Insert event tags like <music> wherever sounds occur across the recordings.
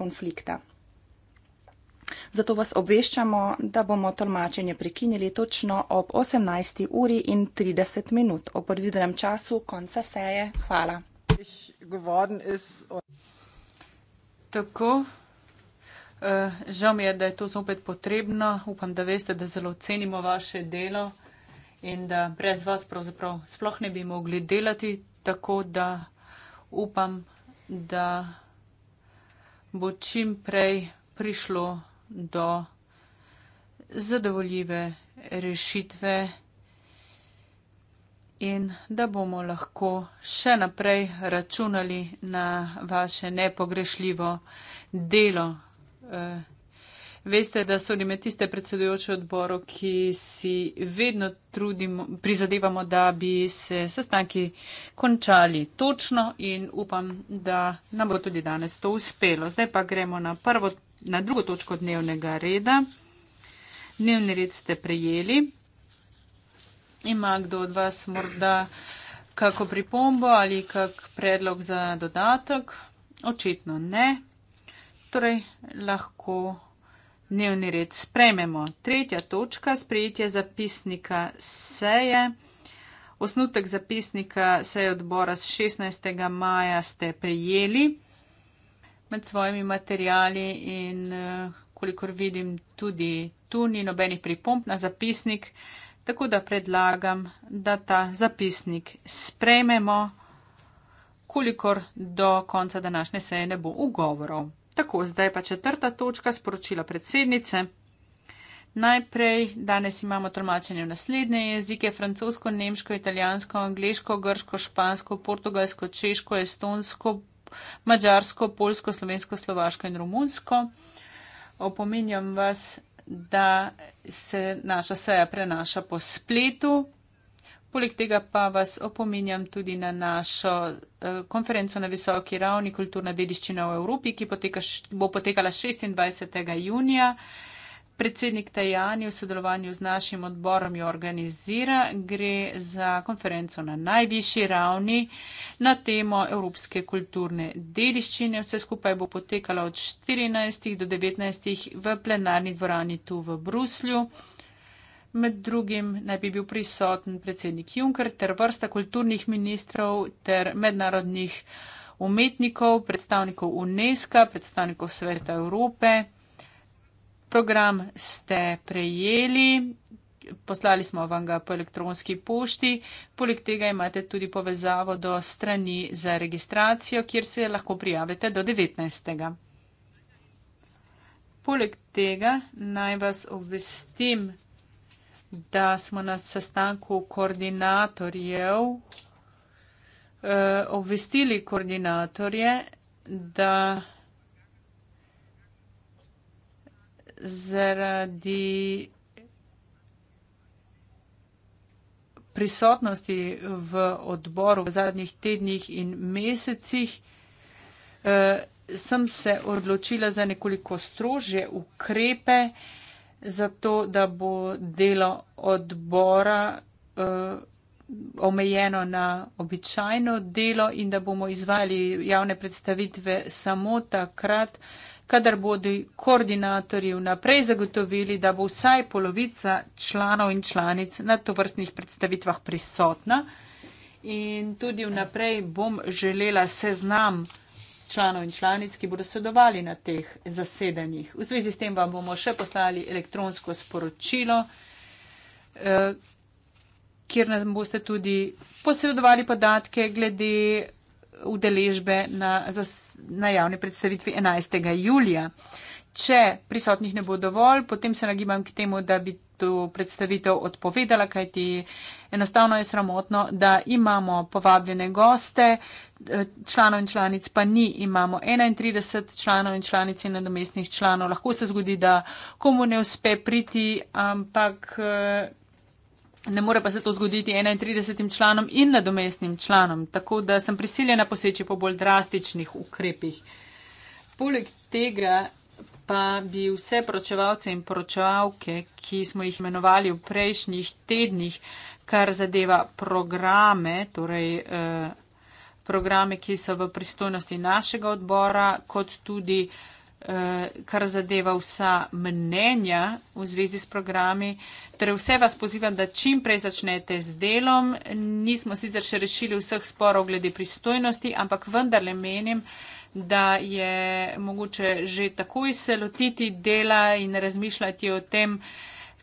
konflikta. Zato vas obveščamo, da bomo tolmačenje prekinili točno ob 18. uri in 30 minut. O predvidenem času konca seje. Hvala. Tako. Eh, žal mi je, da je to zopet potrebno. Upam, da veste, da zelo cenimo vaše delo in da brez vas pravzaprav sploh ne bi mogli delati. Tako da upam, da bo čim prej prišlo do zadovoljive rešitve in da bomo lahko še naprej računali na vaše nepogrešljivo delo. Eh, Veste, da so nime tiste predsedujoče odboru, ki si vedno trudimo, prizadevamo, da bi se sestanki končali točno in upam, da nam bo tudi danes to uspelo. Zdaj pa gremo na, prvo, na drugo točko dnevnega reda. Dnevni red ste prejeli. Ima kdo od vas morda kako pripombo ali kak predlog za dodatek? Očitno ne. Torej, lahko dnevni red sprejmemo. Tretja točka, sprejetje zapisnika seje. Osnutek zapisnika seje odbora z 16. maja ste prejeli med svojimi materijali in eh, kolikor vidim, tudi tu ni nobenih pripomp na zapisnik, tako da predlagam, da ta zapisnik sprejmemo, kolikor do konca današnje seje ne bo ugovorov. Tako, zdaj pa četrta točka sporočila predsednice. Najprej danes imamo tolmačenje v naslednje jezike - francosko, nemško, italijansko, angliško, grško, špansko, portugalsko, češko, estonsko, mađarsko, polsko, slovensko, slovaško in romunsko. Opominjam vas, da se naša seja prenaša po spletu. Poleg tega pa vas opominjam tudi na našo eh, konferenco na visoki ravni kulturna dediščina v Evropi, ki poteka, bo potekala 26. junija. Predsednik Tajani v sodelovanju z našim odborom jo organizira. Gre za konferenco na najvišji ravni na temo evropske kulturne dediščine. Vse skupaj bo potekalo od 14. do 19. v plenarni dvorani tu v Bruslju. Med drugim naj bi bil prisoten predsednik Juncker ter vrsta kulturnih ministrov ter mednarodnih umetnikov, predstavnikov UNESCO, predstavnikov Sveta Evrope. Program ste prejeli, poslali smo vam ga po elektronski pošti. Poleg tega imate tudi povezavo do strani za registracijo, kjer se lahko prijavite do 19. Poleg tega naj vas obvestim, da smo na sestanku koordinatorjev eh, obvestili koordinatorje, da zaradi prisotnosti v odboru v zadnjih tednih in mesecih eh, sem se odločila za nekoliko strožje ukrepe, eh, zato da bo delo odbora uh, omejeno na običajno delo in da bomo izvali javne predstavitve samo takrat, kadar bodo koordinatorji vnaprej zagotovili, da bo vsaj polovica članov in članic na tovrstnih predstavitvah prisotna. In tudi vnaprej bom želela seznam uh, članov in članic, ki bodo sodelovali na teh zasedanjih. V zvezi s tem vam bomo še poslali elektronsko sporočilo, eh, kjer nam boste tudi posredovali podatke glede udeležbe na, na javni predstavitvi 11. julija. Če prisotnih ne bo dovolj, potem se nagibam k temu, da bi to predstavitev odpovedala, kajti enostavno je sramotno, da imamo povabljene goste, članov in članic pa ni, imamo 31 članov in članic in nadomestnih članov. Lahko se zgodi, da komu ne uspe priti, ampak. Ne more pa se to zgoditi 31 članom in nadomestnim članom, tako da sem prisiljena poseči po bolj drastičnih ukrepih. Poleg tega pa bi vse pročevalce in pročevalke, ki smo jih imenovali v prejšnjih tednih, kar zadeva programe, torej eh, programe, ki so v pristojnosti našega odbora, kot tudi eh, kar zadeva vsa mnenja v zvezi s programi. Torej vse vas pozivam, da čim prej začnete z delom. Nismo sicer še rešili vseh sporov glede pristojnosti, ampak vendarle menim, da je mogoče že takoj se lotiti dela in razmišljati o tem,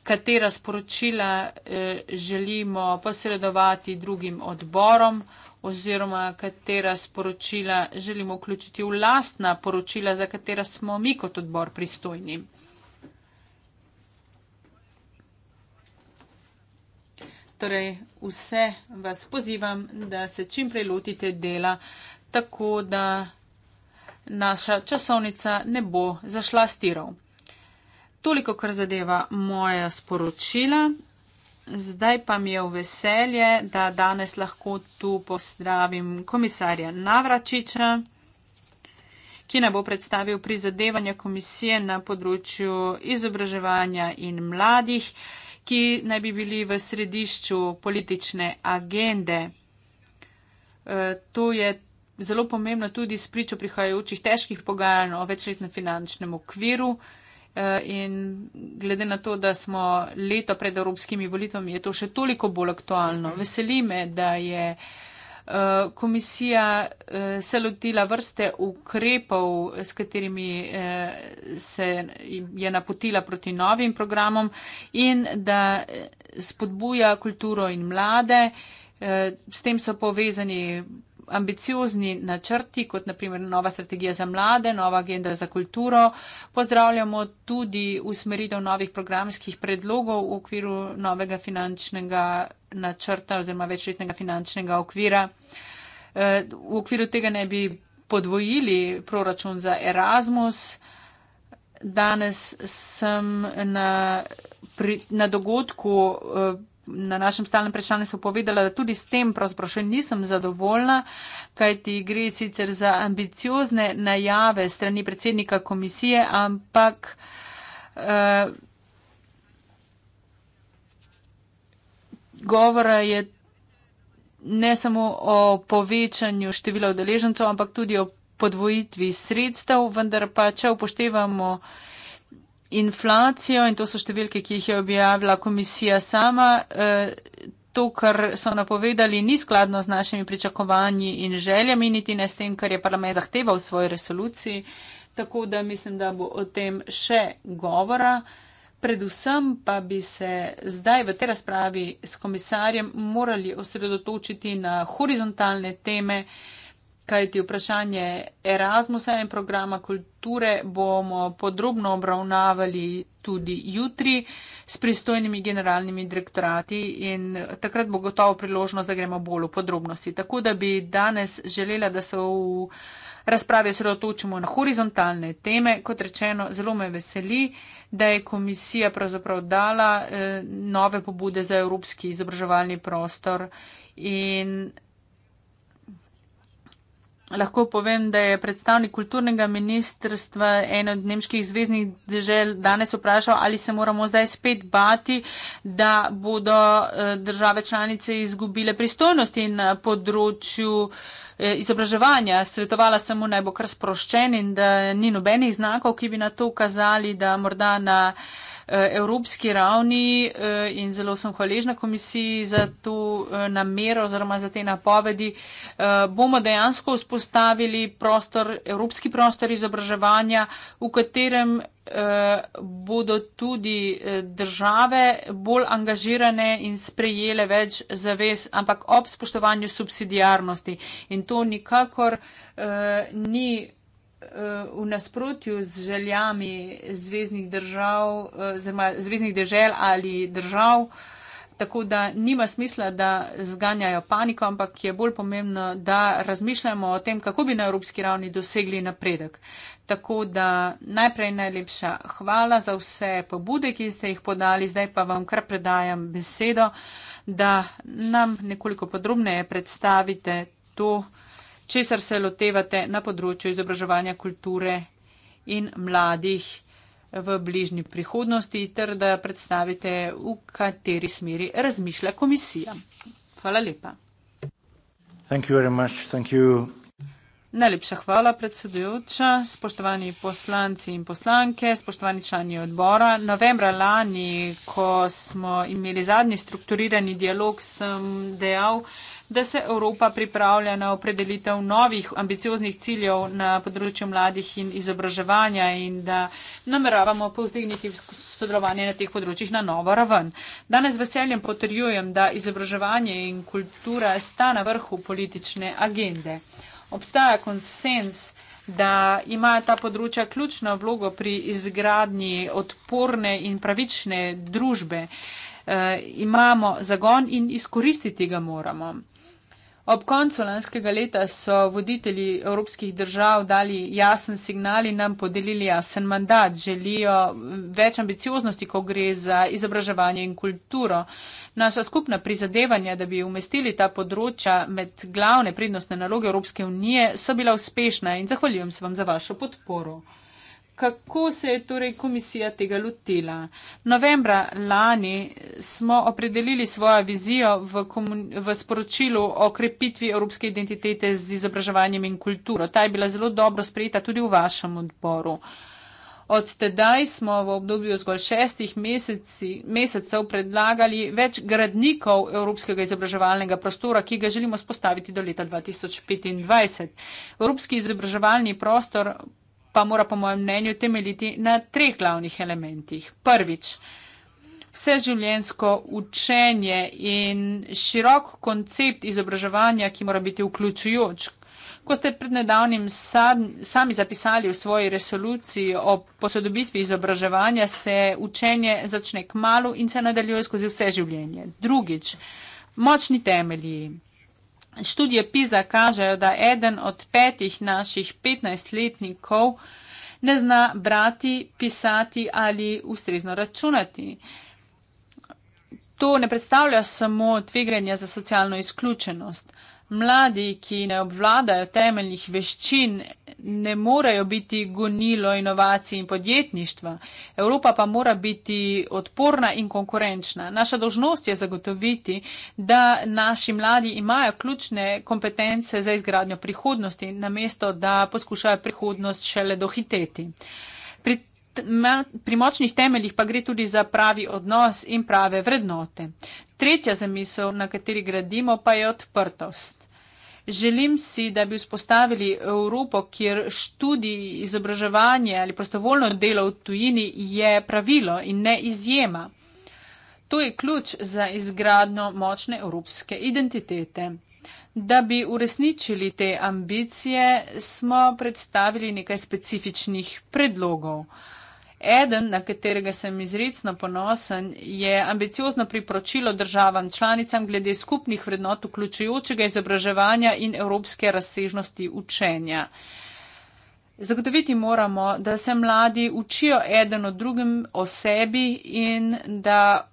katera sporočila eh, želimo posredovati drugim odborom oziroma katera sporočila želimo vključiti v lastna poročila, za katera smo mi kot odbor pristojni. Torej, vse vas pozivam, da se čim prej lotite dela tako, da naša časovnica ne bo zašla s tirov. Toliko, kar zadeva moja sporočila. Zdaj pa mi je v veselje, da danes lahko tu pozdravim komisarja Navračiča, ki ne bo predstavil prizadevanja komisije na področju izobraževanja in mladih, ki naj bi bili v središču politične agende. E, to je zelo pomembno tudi s pričo prihajajočih težkih pogajanj o večletnem finančnem okviru. Eh, in glede na to, da smo leto pred evropskimi volitvami, je to še toliko bolj aktualno. Veseli me, da je eh, komisija eh, se lotila vrste ukrepov, s katerimi se je napotila proti novim programom in da spodbuja kulturo in mlade. S tem so povezani ambiciozni načrti, kot naprimer nova strategija za mlade, nova agenda za kulturo. Pozdravljamo tudi usmeritev novih programskih predlogov v okviru novega finančnega načrta oziroma večletnega finančnega okvira. Eh, v okviru tega ne bi podvojili proračun za Erasmus. Danes sem na, pri, na dogodku eh, na našem stalnem predstavništvu povedala, da tudi s tem pravzaprav še nisem zadovoljna, kajti gre sicer za ambiciozne najave strani predsednika komisije, ampak. Uh, Govora je ne samo o povečanju števila udeležencev, ampak tudi o podvojitvi sredstev, vendar pa če upoštevamo uh, inflacijo in to so številke, ki jih je objavila komisija sama. Eh, to, kar so napovedali, ni skladno z našimi pričakovanji in željami, niti ne s tem, kar je parlament zahteval v svoji resoluciji. Tako da mislim, da bo o tem še govora. Predvsem pa bi se zdaj v tej razpravi s komisarjem morali osredotočiti na horizontalne teme, kajti vprašanje Erasmusa in programa kulture bomo podrobno obravnavali tudi jutri s pristojnimi generalnimi direktorati in takrat bo gotovo priložnost, da gremo bolj v podrobnosti. Tako da bi danes želela, da se v razpravi sredotočimo na horizontalne teme. Kot rečeno, zelo me veseli, da je komisija pravzaprav dala eh, nove pobude za evropski izobraževalni prostor in Lahko povem, da je predstavnik kulturnega ministrstva ene od nemških zvezdnih držav danes vprašal, ali se moramo zdaj spet bati, da bodo eh, države članice izgubile pristojnosti na področju eh, izobraževanja. Svetovala sem mu naj bo kar sproščen in da ni nobenih znakov, ki bi na to ukazali, da morda na. Eh, evropski ravni eh, in zelo sem hvaležna komisiji za to eh, namero oziroma za te napovedi. Bomo dejansko vzpostavili prostor, evropski prostor izobraževanja, v katerem bodo tudi države bolj angažirane in sprejele več zavez, ampak ob spoštovanju subsidijarnosti. In to nikakor uh, ni v nasprotju z željami zvezdnih držav, eh, oziroma zvezdnih dežel ali držav, tako da nima smisla, da zganjajo paniko, ampak je bolj pomembno, da razmišljamo o tem, kako bi na evropski ravni dosegli napredek. Tako da najprej najlepša hvala za vse pobude, ki ste jih podali, zdaj pa vam kar predajam besedo, da nam nekoliko podrobneje predstavite to, česar se lotevate na področju izobraževanja kulture in mladih v bližnji prihodnosti ter da predstavite, v kateri smeri razmišlja komisija. Hvala lepa. Najlepša hvala, predsedujoča, spoštovani poslanci in poslanke, spoštovani člani odbora. Novembra lani, ko smo imeli zadnji strukturirani dialog, sem dejal, da da se Evropa pripravlja na opredelitev novih ambicioznih ciljev na področju mladih in izobraževanja in da nameravamo povzdigniti sodelovanje na teh področjih na novo raven. Danes veseljem potrjujem, da izobraževanje in kultura sta na vrhu politične agende. Obstaja konsens, da ima ta področja ključno vlogo pri izgradnji odporne in pravične družbe. E, imamo zagon in izkoristiti ga moramo. Ob koncu lanskega leta so voditelji evropskih držav dali jasen signal in nam podelili jasen mandat. Želijo več ambicioznosti, ko gre za izobraževanje in kulturo. Naša skupna prizadevanja, da bi umestili ta področja med glavne prednostne naloge Evropske unije, so bila uspešna in zahvaljujem se vam za vašo podporo kako se je torej komisija tega lotila. Novembra lani smo opredelili svojo vizijo v, v sporočilu o krepitvi evropske identitete z izobraževanjem in kulturo. Ta je bila zelo dobro sprejeta tudi v vašem odboru. Od tedaj smo v obdobju zgolj šestih meseci, mesecev predlagali več gradnikov evropskega izobraževalnega prostora, ki ga želimo spostaviti do leta 2025. Evropski izobraževalni prostor pa mora po mojem mnenju temeljiti na treh glavnih elementih. Prvič, vseživljensko učenje in širok koncept izobraževanja, ki mora biti vključujoč. Ko ste pred nedavnim sami zapisali v svoji resoluciji o posodobitvi izobraževanja, se učenje začne k malu in se nadaljuje skozi vse življenje. Drugič, močni temelji. Študije PISA kažejo, da eden od petih naših 15-letnikov ne zna brati, pisati ali ustrezno računati. To ne predstavlja samo tveganja za socialno izključenost. Mladi, ki ne obvladajo temeljnih veščin, ne morejo biti gonilo inovacij in podjetništva. Evropa pa mora biti odporna in konkurenčna. Naša dožnost je zagotoviti, da naši mladi imajo ključne kompetence za izgradnjo prihodnosti, namesto da poskušajo prihodnost šele dohiteti. Pri pri močnih temeljih pa gre tudi za pravi odnos in prave vrednote. Tretja zamisel, na kateri gradimo, pa je odprtost. Želim si, da bi vzpostavili Evropo, kjer študij, izobraževanje ali prostovoljno delo v tujini je pravilo in ne izjema. To je ključ za izgradno močne evropske identitete. Da bi uresničili te ambicije, smo predstavili nekaj specifičnih predlogov. Uh, Eden, na katerega sem izredno ponosen, je ambiciozno priporočilo državam članicam glede skupnih vrednot vključujočega izobraževanja in evropske razsežnosti učenja. Zagotoviti moramo, da se mladi učijo eden od drugim o sebi in da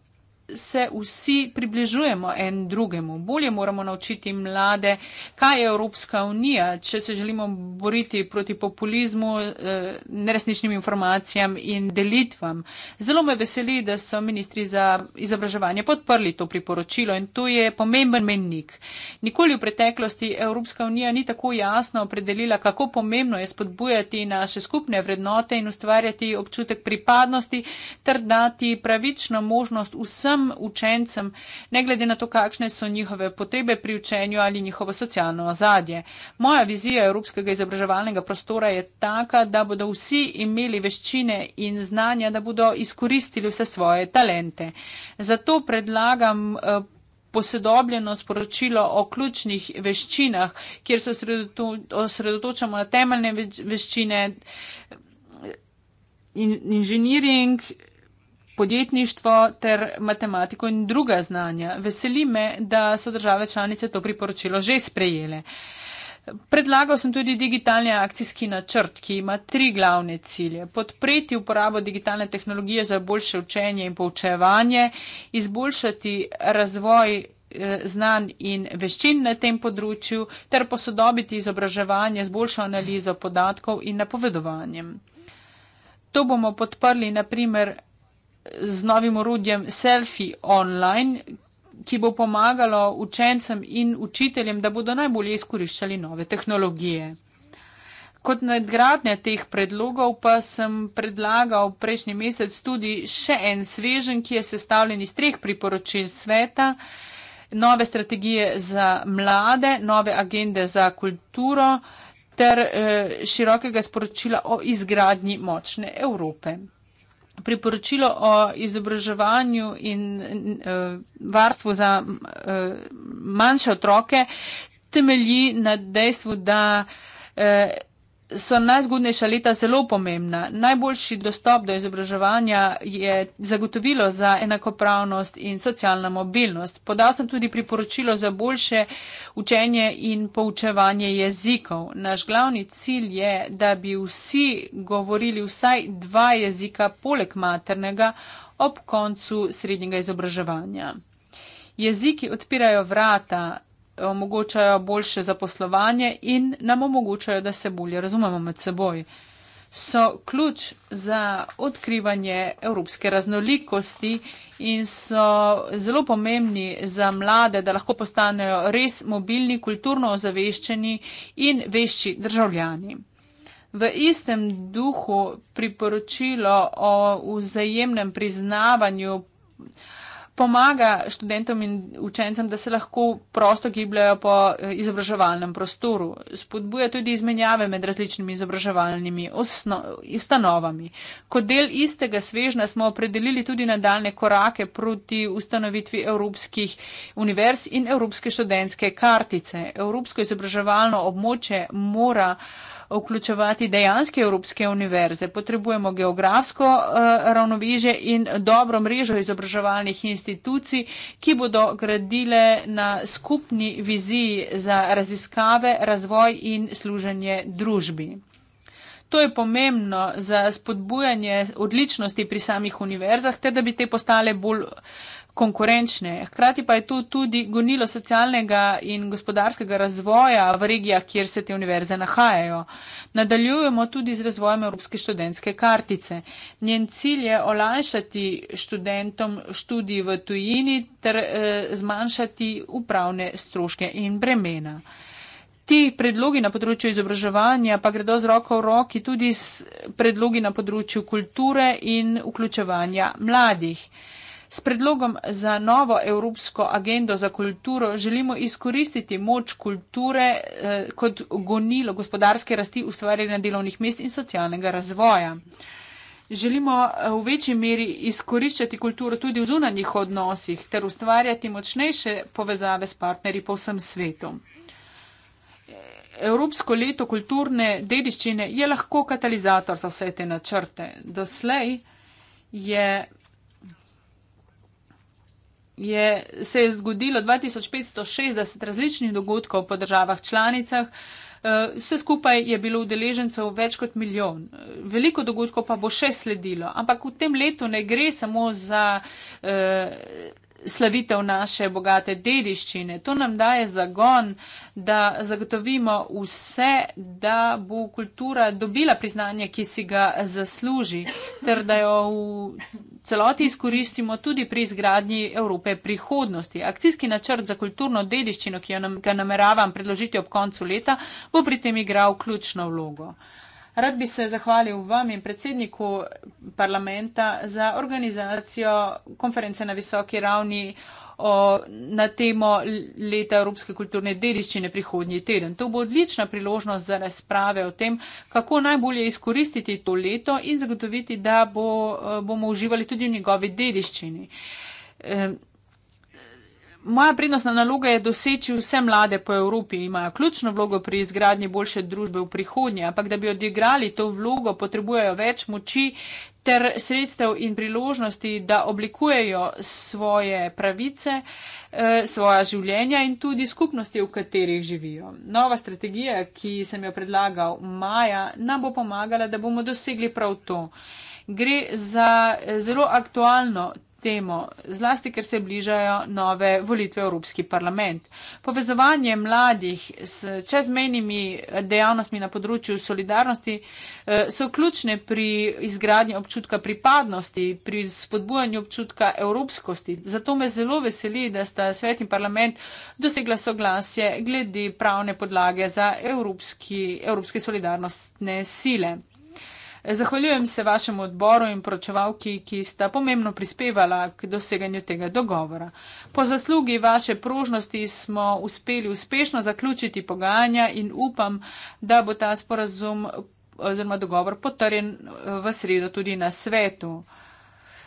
se vsi približujemo en drugemu. Bolje moramo naučiti mlade, kaj je Evropska unija, če se želimo boriti proti populizmu, eh, neresničnim informacijam in delitvam. Zelo me veseli, da so ministri za izobraževanje podprli to priporočilo in to je pomemben mennik. Nikoli v preteklosti Evropska unija ni tako jasno opredelila, kako pomembno je spodbujati naše skupne vrednote in ustvarjati občutek pripadnosti ter dati pravično možnost vsem, vsem učencem, ne glede na to, kakšne so njihove potrebe pri učenju ali njihovo socialno ozadje. Moja vizija evropskega izobraževalnega prostora je taka, da bodo vsi imeli veščine in znanja, da bodo izkoristili vse svoje talente. Zato predlagam eh, posodobljeno sporočilo o ključnih veščinah, kjer se osredotočamo na temeljne veščine. Eh, inženiring, podjetništvo ter matematiko in druga znanja. Veseli me, da so države članice to priporočilo že sprejele. Predlagal sem tudi digitalni akcijski načrt, ki ima tri glavne cilje. Podpreti uporabo digitalne tehnologije za boljše učenje in poučevanje, izboljšati razvoj eh, znanj in veščin na tem področju ter posodobiti izobraževanje z boljšo analizo podatkov in napovedovanjem. To bomo podprli naprimer z novim orodjem Selfie Online, ki bo pomagalo učencem in učiteljem, da bodo najbolje izkoriščali nove tehnologije. Kot nadgradnja teh predlogov pa sem predlagal prejšnji mesec tudi še en svežen, ki je sestavljen iz treh priporočil sveta. Nove strategije za mlade, nove agende za kulturo ter eh, širokega sporočila o izgradnji močne Evrope priporočilo o izobraževanju in uh, varstvu za uh, manjše otroke temelji na dejstvu, da uh, so najzgodnejša leta zelo pomembna. Najboljši dostop do izobraževanja je zagotovilo za enakopravnost in socialna mobilnost. Podal sem tudi priporočilo za boljše učenje in poučevanje jezikov. Naš glavni cilj je, da bi vsi govorili vsaj dva jezika poleg maternega ob koncu srednjega izobraževanja. Jeziki odpirajo vrata omogočajo boljše zaposlovanje in nam omogočajo, da se bolje razumemo med seboj. So ključ za odkrivanje evropske raznolikosti in so zelo pomembni za mlade, da lahko postanejo res mobilni, kulturno ozaveščeni in vešči državljani. V istem duhu priporočilo o vzajemnem priznavanju pomaga študentom in učencem, da se lahko prosto gibljajo po eh, izobraževalnem prostoru. Spodbuja tudi izmenjave med različnimi izobraževalnimi ustanovami. Kot del istega svežna smo opredelili tudi nadaljne korake proti ustanovitvi evropskih univerz in evropske študentske kartice. Evropsko izobraževalno območje mora vključevati dejanske evropske univerze. Potrebujemo geografsko eh, ravnovižje in dobro mrežo izobraževalnih institucij, ki bodo gradile na skupni viziji za raziskave, razvoj in služenje družbi. To je pomembno za spodbujanje odličnosti pri samih univerzah, ter da bi te postale bolj konkurenčne. Hkrati pa je to tudi gonilo socialnega in gospodarskega razvoja v regijah, kjer se te univerze nahajajo. Nadaljujemo tudi z razvojem Evropske študentske kartice. Njen cilj je olajšati študentom študij v tujini ter eh, zmanjšati upravne stroške in bremena. Ti predlogi na področju izobraževanja pa gredo z roko v roki tudi s predlogi na področju kulture in vključevanja mladih. S predlogom za novo evropsko agendo za kulturo želimo izkoristiti moč kulture eh, kot gonilo gospodarske rasti ustvarjanja delovnih mest in socialnega razvoja. Želimo eh, v večji meri izkoriščati kulturo tudi v zunanjih odnosih ter ustvarjati močnejše povezave s partnerji po vsem svetu. Evropsko leto kulturne dediščine je lahko katalizator za vse te načrte. Doslej je je, se je zgodilo 2560 različnih dogodkov po državah članicah. Eh, vse skupaj je bilo udeležencev več kot milijon. Eh, veliko dogodkov pa bo še sledilo, ampak v tem letu ne gre samo za. Eh, slavitev naše bogate dediščine. To nam daje zagon, da zagotovimo vse, da bo kultura dobila priznanje, ki si ga zasluži, ter da jo v celoti izkoristimo tudi pri izgradnji Evrope prihodnosti. Akcijski načrt za kulturno dediščino, ki jo nam, nameravam predložiti ob koncu leta, bo pri tem igral ključno vlogo. Rad bi se zahvalil vam in predsedniku parlamenta za organizacijo konference na visoki ravni o, na temo leta Evropske kulturne dediščine prihodnji teden. To bo odlična priložnost za razprave o tem, kako najbolje izkoristiti to leto in zagotoviti, da bo, bomo uživali tudi v njegovi dediščini. E, Moja prednostna naloga je doseči vse mlade po Evropi, imajo ključno vlogo pri izgradnji boljše družbe v prihodnje, ampak da bi odigrali to vlogo, potrebujejo več moči ter sredstev in priložnosti, da oblikujejo svoje pravice, eh, svoja življenja in tudi skupnosti, v katerih živijo. Nova strategija, ki sem jo predlagal maja, nam bo pomagala, da bomo dosegli prav to. Gre za eh, zelo aktualno temo, zlasti ker se bližajo nove volitve v Evropski parlament. Povezovanje mladih s čezmejnimi dejavnostmi na področju solidarnosti eh, so ključne pri izgradnji občutka pripadnosti, pri spodbujanju občutka evropskosti. Zato me zelo veseli, da sta svet in parlament dosegla soglasje glede pravne podlage za evropski, evropske solidarnostne sile. Zahvaljujem se vašemu odboru in pročevalki, ki sta pomembno prispevala k doseganju tega dogovora. Po zaslugi vaše prožnosti smo uspeli uspešno zaključiti pogajanja in upam, da bo ta sporazum oziroma dogovor potrjen v sredo tudi na svetu.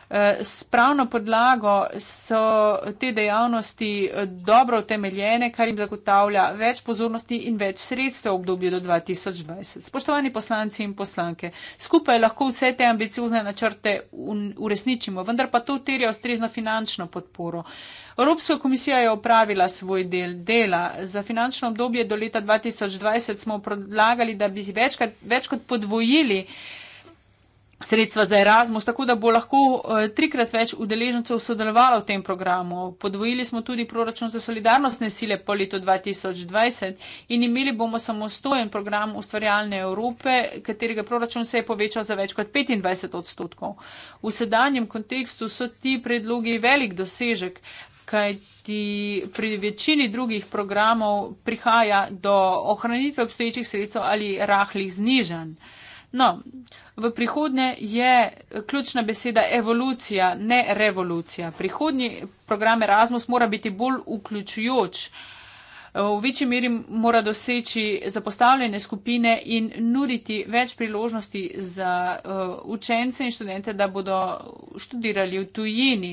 Eh, Spravno podlago so te dejavnosti eh, dobro utemeljene, kar jim zagotavlja več pozornosti in več sredstev v obdobju do 2020. Spoštovani poslanci in poslanke, skupaj lahko vse te ambiciozne načrte uresničimo, vendar pa to terja ustrezno finančno podporo. Evropska komisija je opravila svoj del dela. Za finančno obdobje do leta 2020 smo predlagali, da bi več, več kot podvojili sredstva za Erasmus, tako da bo lahko eh, trikrat več udeležencev sodelovalo v tem programu. Podvojili smo tudi proračun za solidarnostne sile po letu 2020 in imeli bomo samostojen program ustvarjalne Evrope, katerega proračun se je povečal za več kot 25 odstotkov. V sedanjem kontekstu so ti predlogi velik dosežek, kajti pri večini drugih programov prihaja do ohranitve obstoječih sredstev ali rahlih znižanj. No, v prihodnje je ključna beseda evolucija, ne revolucija. Prihodnji program Erasmus mora biti bolj vključujoč. V večji meri mora doseči zapostavljene skupine in nuditi več priložnosti za uh, učence in študente, da bodo študirali v tujini.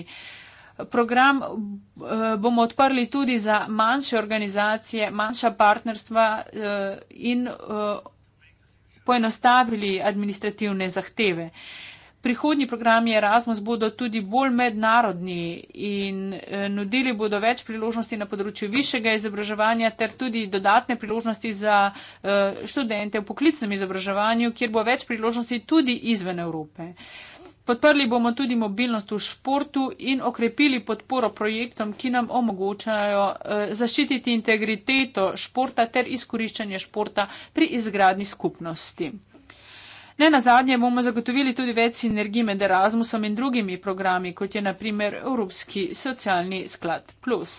Program uh, bomo odprli tudi za manjše organizacije, manjša partnerstva uh, in uh, poenostavili administrativne zahteve. Prihodnji programi Erasmus bodo tudi bolj mednarodni in eh, nudili bodo več priložnosti na področju višjega izobraževanja ter tudi dodatne priložnosti za eh, študente v poklicnem izobraževanju, kjer bo več priložnosti tudi izven Evrope. Podprli bomo tudi mobilnost v športu in okrepili podporo projektom, ki nam omogočajo eh, zaščititi integriteto športa ter izkoriščanje športa pri izgradni skupnosti. Ne na zadnje bomo zagotovili tudi več sinergij med Erasmusom in drugimi programi, kot je naprimer Evropski socialni sklad plus.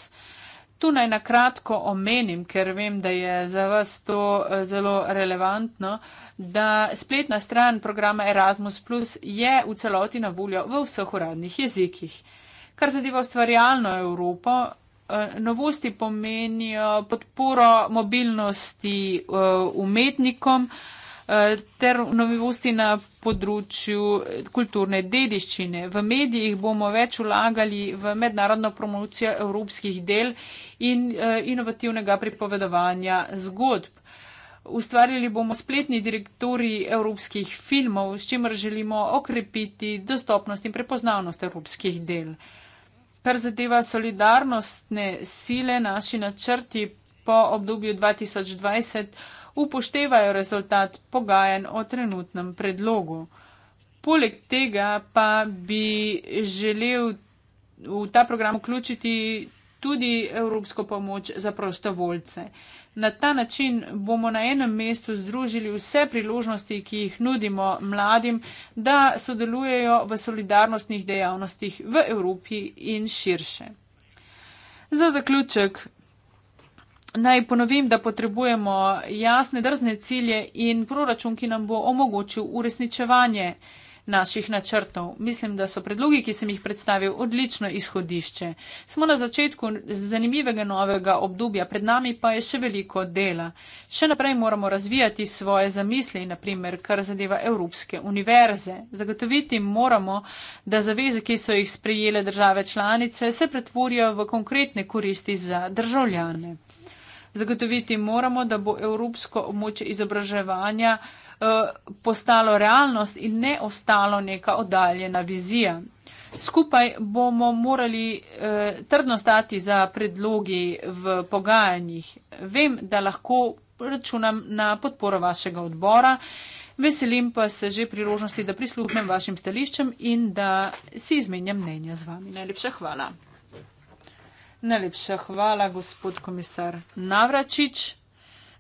Tu naj na kratko omenim, ker vem, da je za vas to eh, zelo relevantno. Uh, da spletna stran programa Erasmus Plus je v celoti na voljo v vseh uradnih jezikih. Kar zadeva ustvarjalno Evropo, eh, novosti pomenijo podporo mobilnosti eh, umetnikom eh, ter novivosti na področju kulturne dediščine. V medijih bomo več ulagali v mednarodno promocijo evropskih del in inovativnega pripovedovanja zgodb. Ustvarili bomo spletni direktori evropskih filmov, s čimer želimo okrepiti dostopnost in prepoznavnost evropskih del. Kar zadeva solidarnostne sile, naši načrti po obdobju 2020 upoštevajo rezultat pogajen o trenutnem predlogu. Poleg tega pa bi želel v ta program vključiti tudi evropsko pomoč za prostovoljce. Na ta način bomo na enem mestu združili vse priložnosti, ki jih nudimo mladim, da sodelujejo v solidarnostnih dejavnostih v Evropi in širše. Za zaključek naj ponovim, da potrebujemo jasne, drzne cilje in proračun, ki nam bo omogočil uresničevanje naših načrtov. Mislim, da so predlogi, ki sem jih predstavil, odlično izhodišče. Smo na začetku zanimivega novega obdobja, pred nami pa je še veliko dela. Še naprej moramo razvijati svoje zamisli, naprimer, kar zadeva Evropske univerze. Zagotoviti moramo, da zaveze, ki so jih sprejele države članice, se pretvorijo v konkretne koristi za državljane. Zagotoviti moramo, da bo Evropsko območje izobraževanja Eh, postalo realnost in ne ostalo neka oddaljena vizija. Skupaj bomo morali eh, trdno stati za predlogi v pogajanjih. Vem, da lahko računam na podporo vašega odbora, veselim pa se že priložnosti, da prisluhnem vašim stališčem in da si izmenjam mnenja z vami. Najlepša hvala. Najlepša hvala, gospod komisar Navračič.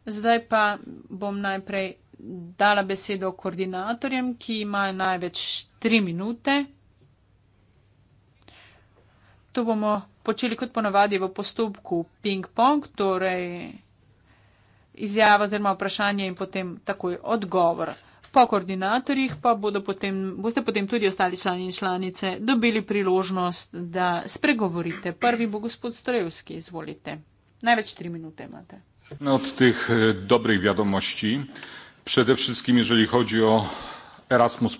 Zdaj pa bom najprej dala besedo koordinatorjem, ki imajo največ tri minute. To bomo počeli kot ponavadi v postopku ping-pong, torej izjava oziroma vprašanje in potem takoj odgovor. Po koordinatorjih pa potem, boste potem tudi ostali člani in članice dobili priložnost, da spregovorite. Prvi bo gospod Strojevski, izvolite. Največ tri minute imate. No, od teh eh, dobrih vjadomošči przede wszystkim jeżeli chodzi o Erasmus.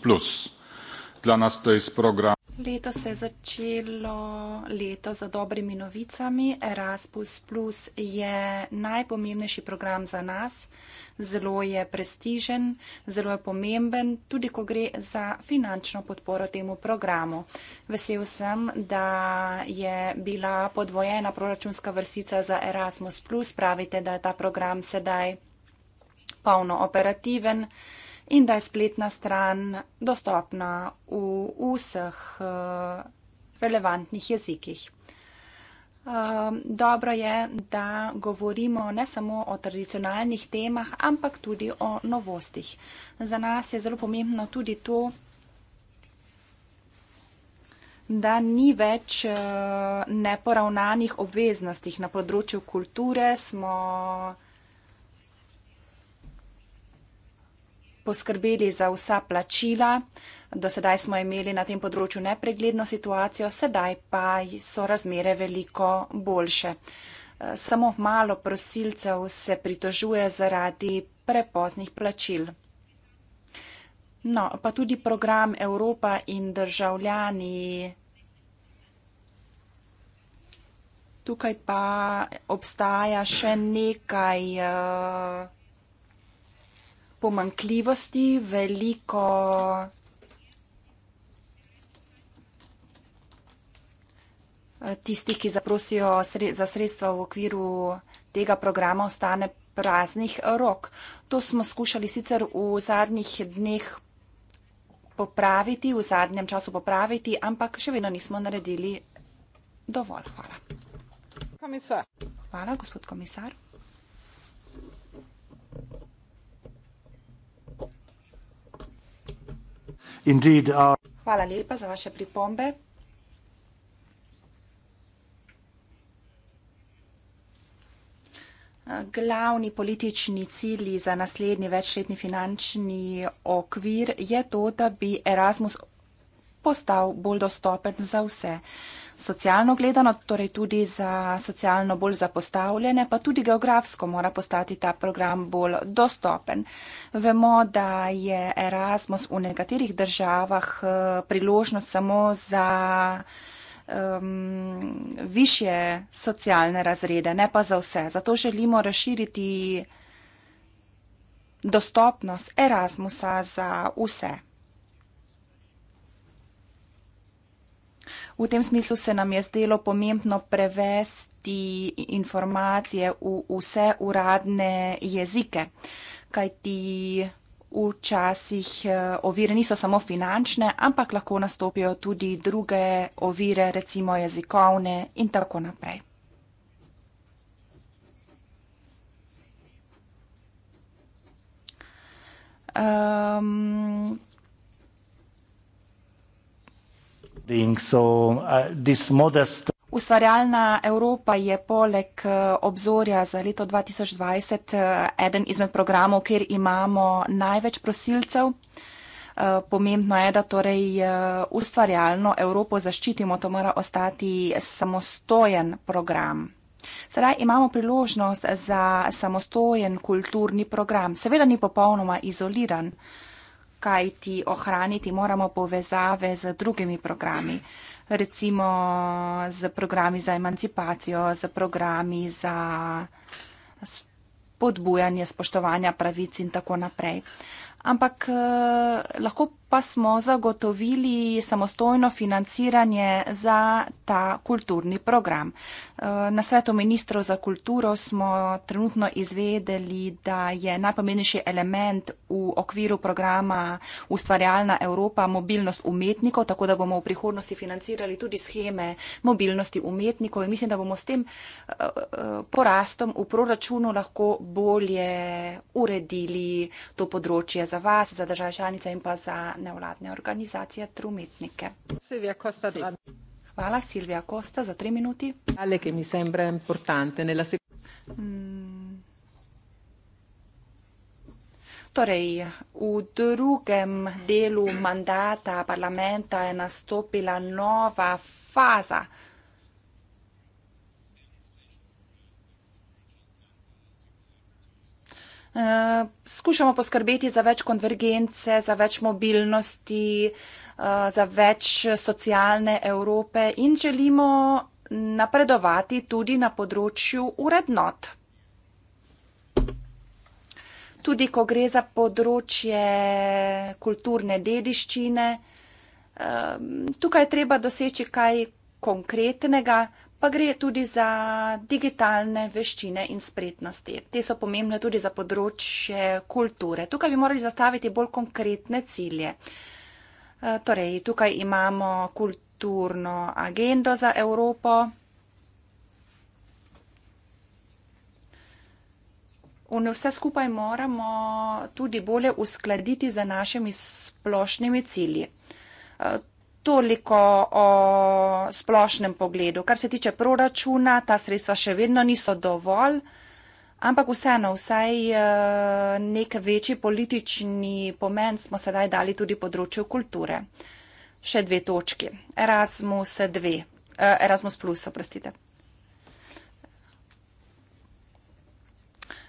Dla nas to jest program. Leto se je začelo leto za dobrimi novicami. Erasmus Plus je najpomembnejši program za nas. Zelo je prestižen, zelo je pomemben, tudi ko gre za finančno podporo temu programu. Vesel sem, da je bila podvojena proračunska vrstica za Erasmus Plus. Pravite, da je ta program sedaj polno operativen in da je spletna stran dostopna v vseh eh, relevantnih jezikih. Eh, dobro je, da govorimo ne samo o tradicionalnih temah, ampak tudi o novostih. Za nas je zelo pomembno tudi to, da ni več eh, neporavnanih obveznostih na področju kulture, smo poskrbeli za vsa plačila. Do sedaj smo imeli na tem področju nepregledno situacijo, sedaj pa so razmere veliko boljše. Eh, samo malo prosilcev se pritožuje zaradi prepoznih plačil. No, pa tudi program Evropa in državljani. Tukaj pa obstaja še nekaj. Uh, pomankljivosti, veliko tistih, ki zaprosijo za sredstva v okviru tega programa, ostane praznih rok. To smo skušali sicer v zadnjih dneh popraviti, v zadnjem času popraviti, ampak še vedno nismo naredili dovolj. Hvala. Komisar. Hvala, gospod komisar. Indeed, our... Uh, Hvala lepa za vaše pripombe. Glavni politični cilji za naslednji večletni finančni okvir je to, da bi Erasmus postal bolj dostopen za vse socialno gledano, torej tudi za socialno bolj zapostavljene, pa tudi geografsko mora postati ta program bolj dostopen. Vemo, da je Erasmus v nekaterih državah eh, priložnost samo za um, više socialne razrede, ne pa za vse. Zato želimo razširiti dostopnost Erasmusa za vse. V tem smislu se nam je zdelo pomembno prevesti informacije v vse uradne jezike, kajti včasih eh, ovire niso samo finančne, ampak lahko nastopijo tudi druge ovire, recimo jezikovne in tako naprej. Um, Uh, Ustvarjalna Evropa je poleg uh, obzorja za leto 2020 uh, eden izmed programov, kjer imamo največ prosilcev. Pomembno je, da torej ustvarjalno Evropo zaščitimo, to mora ostati samostojen program. Sedaj imamo priložnost za samostojen kulturni program. Seveda ni popolnoma izoliran kajti ohraniti moramo povezave z drugimi programi, recimo z programi za emancipacijo, z programi za spodbujanje spoštovanja pravic in tako naprej. Ampak eh, lahko pa smo zagotovili samostojno financiranje za ta kulturni program. Eh, na svetu ministrov za kulturo smo trenutno izvedeli, da je najpomembnejši element v okviru programa Ustvarjalna Evropa mobilnost umetnikov, tako da bomo v prihodnosti financirali tudi scheme mobilnosti umetnikov in mislim, da bomo s tem eh, eh, porastom v proračunu lahko bolje uredili to področje za vas, za države članice in pa za nevladne organizacije Trumetnike. Silvia Costa, Hvala, Silvija Kosta, za tri minuti. Ale, mi nella... mm. Torej, v drugem delu mandata parlamenta je nastopila nova faza. Eh, skušamo poskrbeti za več konvergence, za več mobilnosti, eh, za več socialne Evrope in želimo napredovati tudi na področju urednot. Tudi ko gre za področje kulturne dediščine, eh, tukaj je treba doseči kaj konkretnega pa gre tudi za digitalne veščine in spretnosti. Te so pomembne tudi za področje kulture. Tukaj bi morali zastaviti bolj konkretne cilje. E, torej, tukaj imamo kulturno agendo za Evropo. In vse skupaj moramo tudi bolje uskladiti z našimi splošnimi cilji. E, toliko o splošnem pogledu. Kar se tiče proračuna, ta sredstva še vedno niso dovolj, ampak vseeno, vsaj eh, nek večji politični pomen smo sedaj dali tudi področju kulture. Še dve točki. Erasmus 2. Eh, Erasmus plus, oprostite.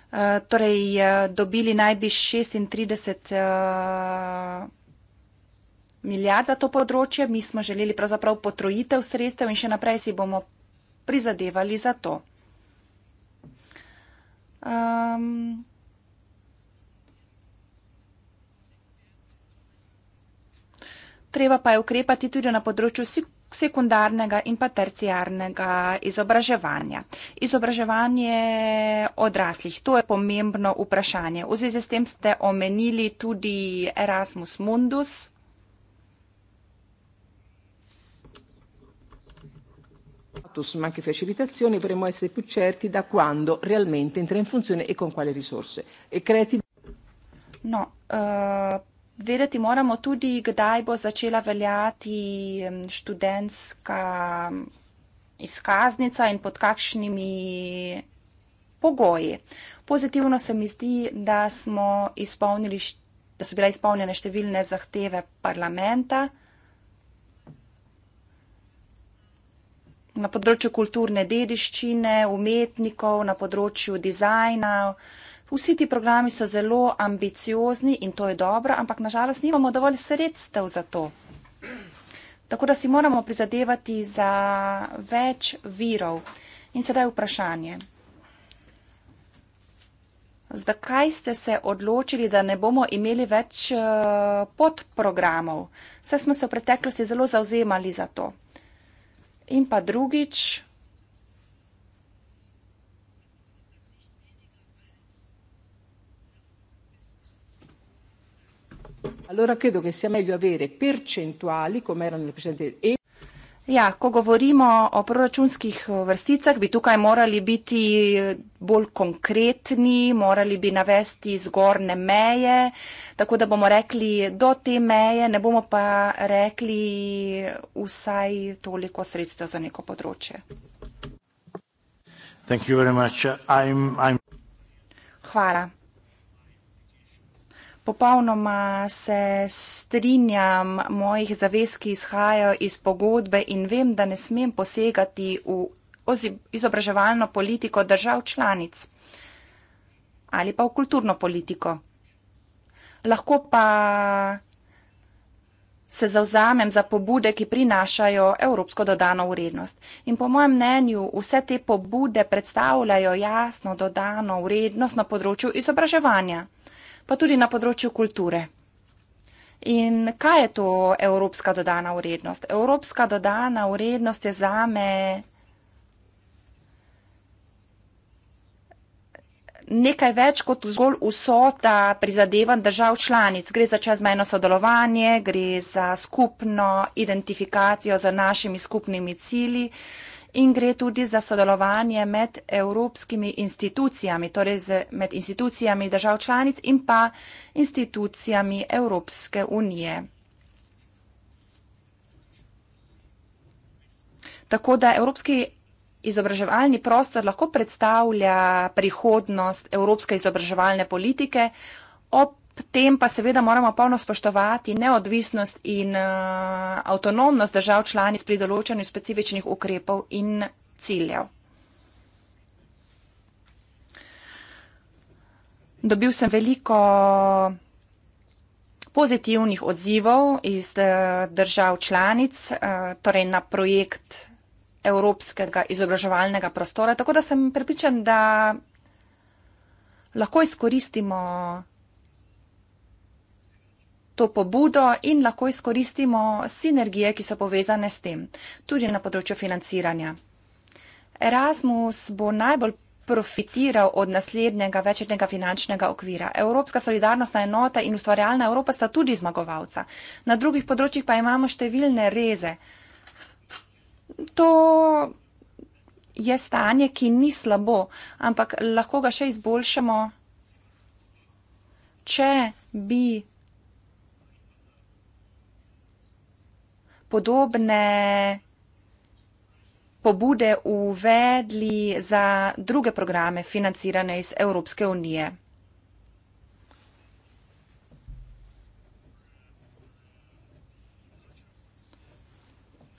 Eh, torej, dobili naj bi 36 milijard za to področje, mi smo želeli pravzaprav potrojitev sredstev in še naprej si bomo prizadevali za to. Um, treba pa je ukrepati tudi na področju sekundarnega in pa terciarnega izobraževanja. Izobraževanje odraslih, to je pomembno vprašanje. V zvezi s tem ste omenili tudi Erasmus Mundus. status, ma anche facilitazioni, vorremmo essere più certi da quando realmente entra in funzione e con quale risorse. E creativ- no, uh, vedeti moramo tudi kdaj bo začela veljati mm, študentska mm, izkaznica in pod kakšnimi pogoji. Pozitivno se mi zdi, da smo izpolnili, da so bile izpolnjene številne zahteve parlamenta. na področju kulturne dediščine, umetnikov, na področju dizajna. Vsi ti programi so zelo ambiciozni in to je dobro, ampak nažalost nimamo dovolj sredstev za to. Tako da si moramo prizadevati za več virov. In sedaj vprašanje. Zakaj ste se odločili, da ne bomo imeli več eh, podprogramov? Saj smo se v preteklosti zelo zauzemali za to. In pa drugič, Allora credo che sia meglio avere percentuali, come erano le precedenti, e Ja, ko govorimo o proračunskih eh, vrsticah, bi tukaj morali biti eh, bolj konkretni, morali bi navesti zgorne meje, tako da bomo rekli do te meje, ne bomo pa rekli eh, vsaj toliko sredstev za neko področje. I'm, I'm... Hvala. Popolnoma se strinjam, mojih zavez, ki izhajajo iz pogodbe in vem, da ne smem posegati v izobraževalno politiko držav članic ali pa v kulturno politiko. Lahko pa se zauzamem za pobude, ki prinašajo evropsko dodano vrednost. In po mojem mnenju vse te pobude predstavljajo jasno dodano vrednost na področju izobraževanja pa tudi na področju kulture. In kaj je to evropska dodana vrednost? Evropska dodana vrednost je za me nekaj več kot zgolj vsota prizadevan držav članic. Gre za čezmejno sodelovanje, gre za skupno identifikacijo z našimi skupnimi cili. Uh, in gre tudi za sodelovanje med evropskimi institucijami, torej med institucijami držav članic in pa institucijami Evropske unije. Tako da evropski izobraževalni prostor lahko predstavlja prihodnost evropske izobraževalne politike ob Potem pa seveda moramo polno spoštovati neodvisnost in uh, avtonomnost držav članic pri določanju specifičnih ukrepov in ciljev. Dobil sem veliko pozitivnih odzivov iz eh, držav članic, eh, torej na projekt Evropskega izobraževalnega prostora, tako da sem pripričan, da lahko izkoristimo to pobudo in lahko izkoristimo sinergije, ki so povezane s tem, tudi na področju financiranja. Erasmus bo najbolj profitiral od naslednjega večernega finančnega okvira. Evropska solidarnostna enota in ustvarjalna Evropa sta tudi zmagovalca. Na drugih področjih pa imamo številne reze. To je stanje, ki ni slabo, ampak lahko ga še izboljšamo, če bi podobne pobude uvedli za druge programe financirane iz Evropske unije.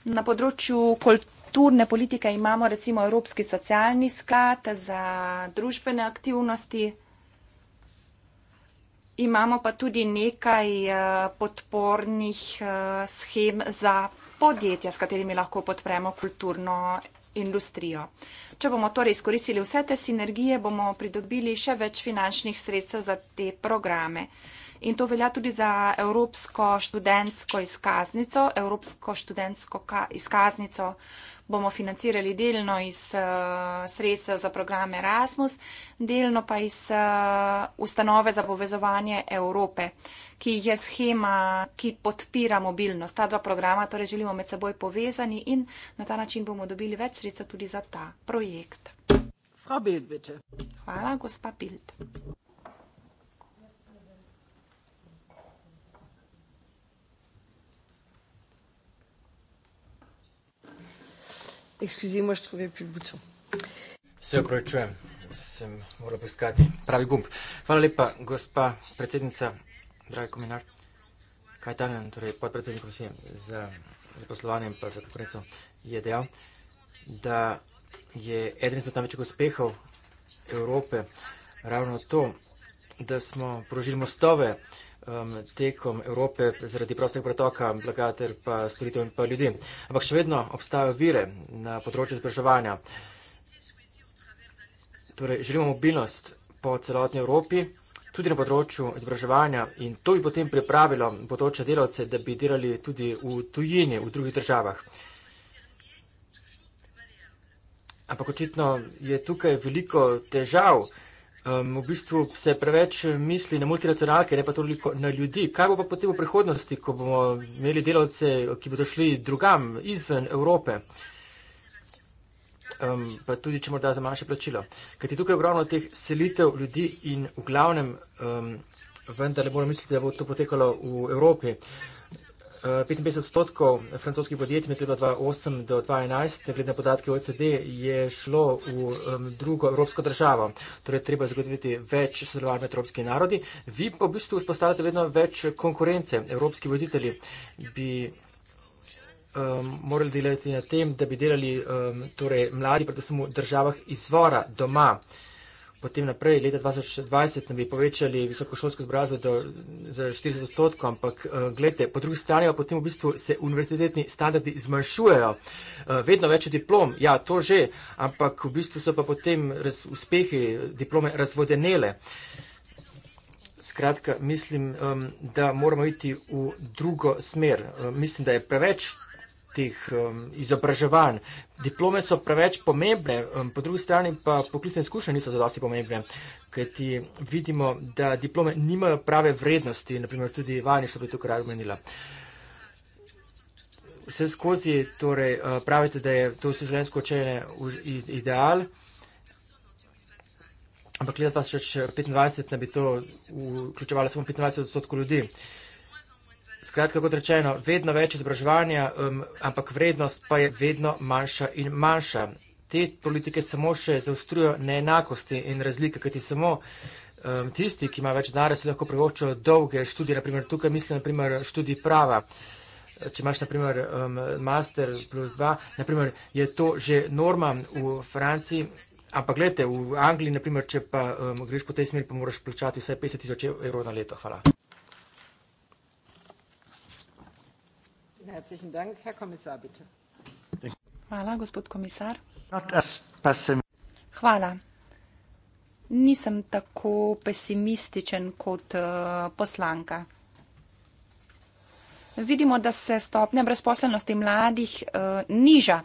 Na področju kulturne politike imamo recimo Evropski socialni sklad za družbene aktivnosti. Imamo pa tudi nekaj eh, podpornih eh, schem za podjetja, s katerimi lahko podpremo kulturno industrijo. Če bomo torej izkoristili vse te sinergije, bomo pridobili še več finančnih sredstev za te programe. In to velja tudi za Evropsko študentsko izkaznico, Evropsko študentsko izkaznico, bomo financirali delno iz uh, eh, sredstva za program Erasmus, delno pa iz uh, ustanove za povezovanje Evrope, ki je schema, ki podpira mobilnost. Ta dva programa torej želimo med seboj povezani in na ta način bomo dobili več sredstva tudi za ta projekt. Frau Bild, bitte. Hvala, gospa Bild. Excusez-moi, je trouvais plus le bouton. Se opravičujem, sem moral poiskati pravi gumb. Hvala lepa, gospa predsednica, dragi kominar, kaj danem, torej podpredsednik komisije za zaposlovanje in pa za konkurenco je dejal, da je eden izmed največjih uspehov Evrope ravno to, da smo prožili mostove, um, tekom Evrope zaradi prostega pretoka blaga ter pa storitev in pa ljudi. Ampak še vedno obstajajo vire na področju izobraževanja. Torej, želimo mobilnost po celotni Evropi, tudi na področju izobraževanja in to bi potem pripravilo bodoče delavce, da bi delali tudi v tujini, v drugih državah. Ampak očitno je tukaj veliko težav um, v bistvu se preveč misli na multinacionalke, ne pa toliko na ljudi. Kaj bo pa potem v prihodnosti, ko bomo imeli delavce, ki bodo šli drugam, izven Evrope? Um, pa tudi, če morda za manjše plačilo. Kajti tukaj je ogromno teh selitev ljudi in v glavnem, um, vendar ne moram misliti, da bo to potekalo v Evropi. Uh, 55 odstotkov francoskih podjetij med leta 2008 do 2011, glede na podatke OECD, je šlo v drugo evropsko državo. Torej, treba zagotoviti več sodelovanja med evropskimi narodi. Vi pa v bistvu vzpostavljate vedno več konkurence. Evropski voditelji bi um, morali delati na tem, da bi delali um, torej, mladi, predvsem v državah izvora, doma. Uh, potem naprej leta 2020 nam bi povečali visokošolsko izobrazbo za 40 odstotkov, ampak uh, eh, gledajte, po drugi strani pa potem v bistvu se univerzitetni standardi zmanjšujejo. Uh, vedno več diplom, ja, to že, ampak v bistvu so pa potem raz, uspehi diplome razvodenele. Skratka, mislim, um, da moramo iti v drugo smer. Uh, mislim, da je preveč teh um, izobraževanj. Diplome so preveč pomembne, um, po drugi strani pa poklicne izkušnje niso zadosti pomembne, kajti vidimo, da diplome nimajo prave vrednosti, naprimer tudi vani, što bi tukaj razmenila. Vse skozi torej, uh, pravite, da je to vseživljenjsko učenje ideal, ampak leta 2025 ne bi to vključevalo samo 25 odstotkov ljudi. Uh, Skratka, kot rečeno, vedno več izobraževanja, um, ampak vrednost pa je vedno manjša in manjša. Te politike samo še zaustrujo neenakosti in razlike, kajti samo um, tisti, ki ima več denarja, si lahko privoščijo dolge študije. Naprimer, tukaj mislim na študij prava. Če imaš, naprimer, um, master plus dva, naprimer, je to že norma v Franciji. Ampak gledajte, v Angliji, naprimer, če pa um, greš po tej smeri, pa moraš plačati vsaj 50 tisoč evrov na leto. Hvala. Herzlichen Dank. Herr Kommissar, bitte. Hvala, gospod komisar. Hvala. Nisem tako pesimističen kot eh, poslanka. Vidimo, da se stopnja brezposelnosti mladih uh, niža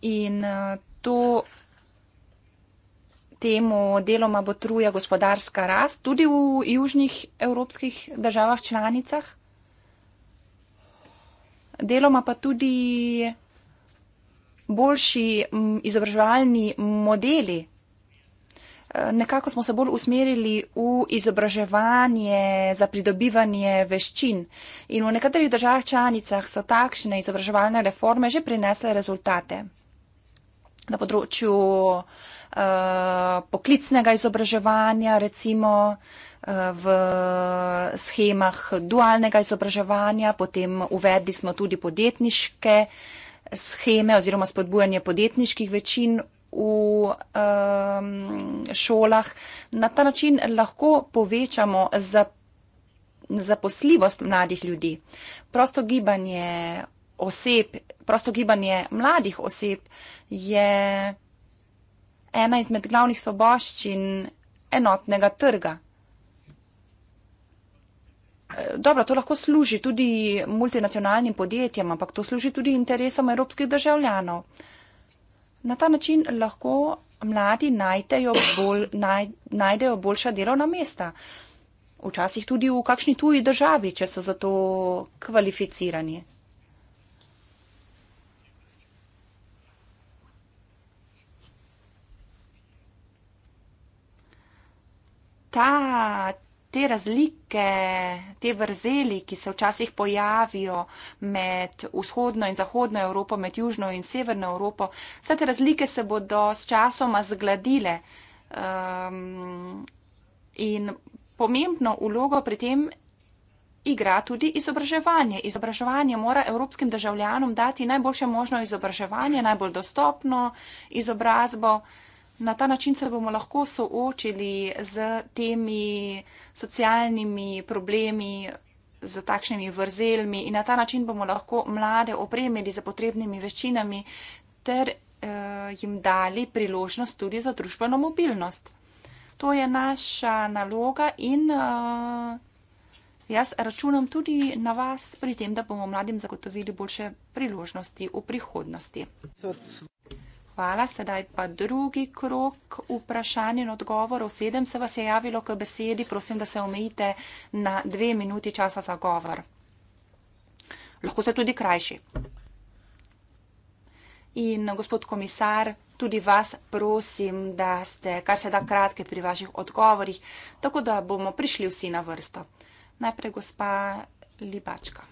in uh, to temu deloma botruje gospodarska rast tudi v južnih evropskih državah članicah deloma pa tudi boljši izobraževalni modeli. E, nekako smo se bolj usmerili v izobraževanje za pridobivanje veščin in v nekaterih državah članicah so takšne izobraževalne reforme že prinesle rezultate. Na področju uh, Eh, poklicnega izobraževanja, recimo eh, v schemah dualnega izobraževanja, potem uvedli smo tudi podjetniške scheme oziroma spodbujanje podjetniških večin v um, šolah. Na ta način lahko povečamo zaposljivost mladih ljudi. Prosto gibanje oseb, prosto gibanje mladih oseb je ena izmed glavnih svoboščin enotnega trga. E, dobro, to lahko služi tudi multinacionalnim podjetjem, ampak to služi tudi interesom evropskih državljanov. Na ta način lahko mladi najdejo, bolj, naj, najdejo boljša delovna mesta. Včasih tudi v kakšni tuji državi, če so za to kvalificirani. ta, te razlike, te vrzeli, ki se včasih pojavijo med vzhodno in zahodno Evropo, med južno in severno Evropo, vse te razlike se bodo s časoma zgladile. Um, in pomembno ulogo pri tem igra tudi izobraževanje. Izobraževanje mora evropskim državljanom dati najboljše možno izobraževanje, najbolj dostopno izobrazbo. Na ta način se bomo lahko soočili z temi socialnimi problemi, z takšnimi vrzelmi in na ta način bomo lahko mlade opremili za potrebnimi veščinami ter e, jim dali priložnost tudi za družbeno mobilnost. To je naša naloga in e, jaz računam tudi na vas pri tem, da bomo mladim zagotovili boljše priložnosti v prihodnosti. Hvala. Sedaj pa drugi krok vprašanj in odgovorov. Sedem se vas je javilo k besedi. Prosim, da se omejite na dve minuti časa za govor. Lahko ste tudi krajši. In gospod komisar, tudi vas prosim, da ste kar se da kratke pri vaših odgovorih, tako da bomo prišli vsi na vrsto. Najprej gospa Libačka.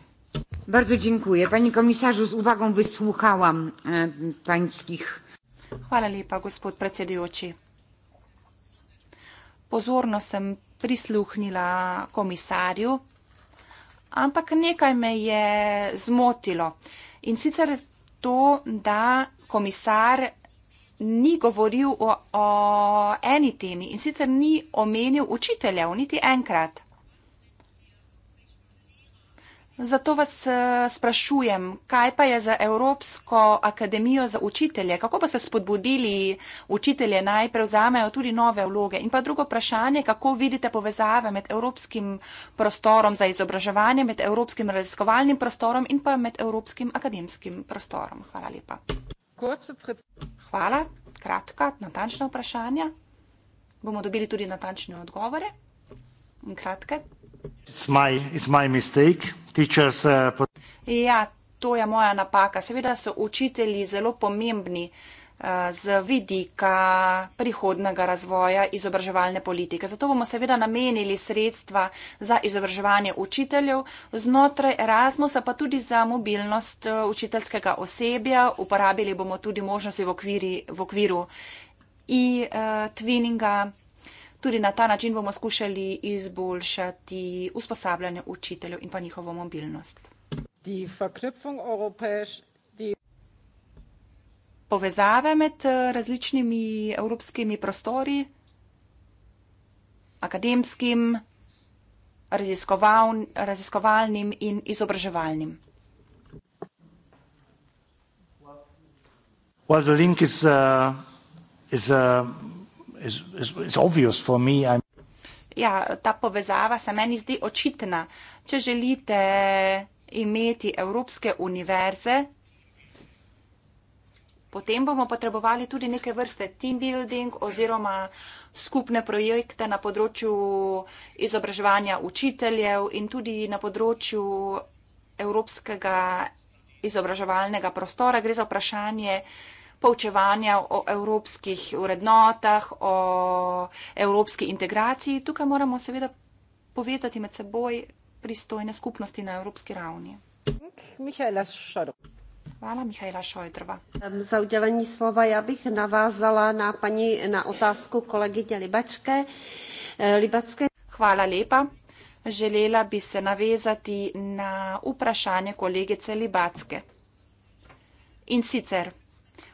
Bardzo dziękuję. Panie komisarzu, z uwagą wysłuchałam e, pańskich. Hvala lepa, gospod predsedujoči. Pozorno sem prisluhnila komisarju, ampak nekaj me je zmotilo. In sicer to, da komisar ni govoril o, o eni temi in sicer ni omenil učiteljev niti enkrat. Zato vas eh, sprašujem, kaj pa je za Evropsko akademijo za učitelje, kako pa se spodbudili učitelje naj prevzamejo tudi nove vloge. In pa drugo vprašanje, kako vidite povezave med evropskim prostorom za izobraževanje, med evropskim raziskovalnim prostorom in pa med evropskim akademskim prostorom. Hvala lepa. Hvala. Kratka, natančna vprašanja. Bomo dobili tudi natančne odgovore in kratke. It's my, it's my uh, ja, to je moja napaka. Seveda so učitelji zelo pomembni uh, z vidika prihodnega razvoja izobraževalne politike. Zato bomo seveda namenili sredstva za izobraževanje učiteljev znotraj Erasmusa, pa tudi za mobilnost uh, učiteljskega osebja. Uporabili bomo tudi možnosti v, okviri, v okviru e-tvininga. Uh, Tudi na ta način bomo skušali izboljšati usposabljanje učiteljev in pa njihovo mobilnost. Povezave med eh, različnimi evropskimi prostori, akademskim, raziskoval, raziskovalnim in izobraževalnim. Well, the link is, uh, is, uh... Ja, ta povezava se meni zdi očitna. Če želite imeti evropske univerze, potem bomo potrebovali tudi neke vrste team building oziroma skupne projekte na področju izobraževanja učiteljev in tudi na področju evropskega izobraževalnega prostora. Gre za vprašanje, poučevanja o evropskih vrednotah, o evropski integraciji. Tukaj moramo seveda povezati med seboj pristojne skupnosti na evropski ravni. Mihajla Šarov. Hvala, Mihajla Šojdrova. Za udělení slova já bych navázala na paní na otázku kolegyně Libačke. Eh, Libacké. Hvala lepa. Želela bi se navezati na vprašanje kolegice Libacke. In sicer,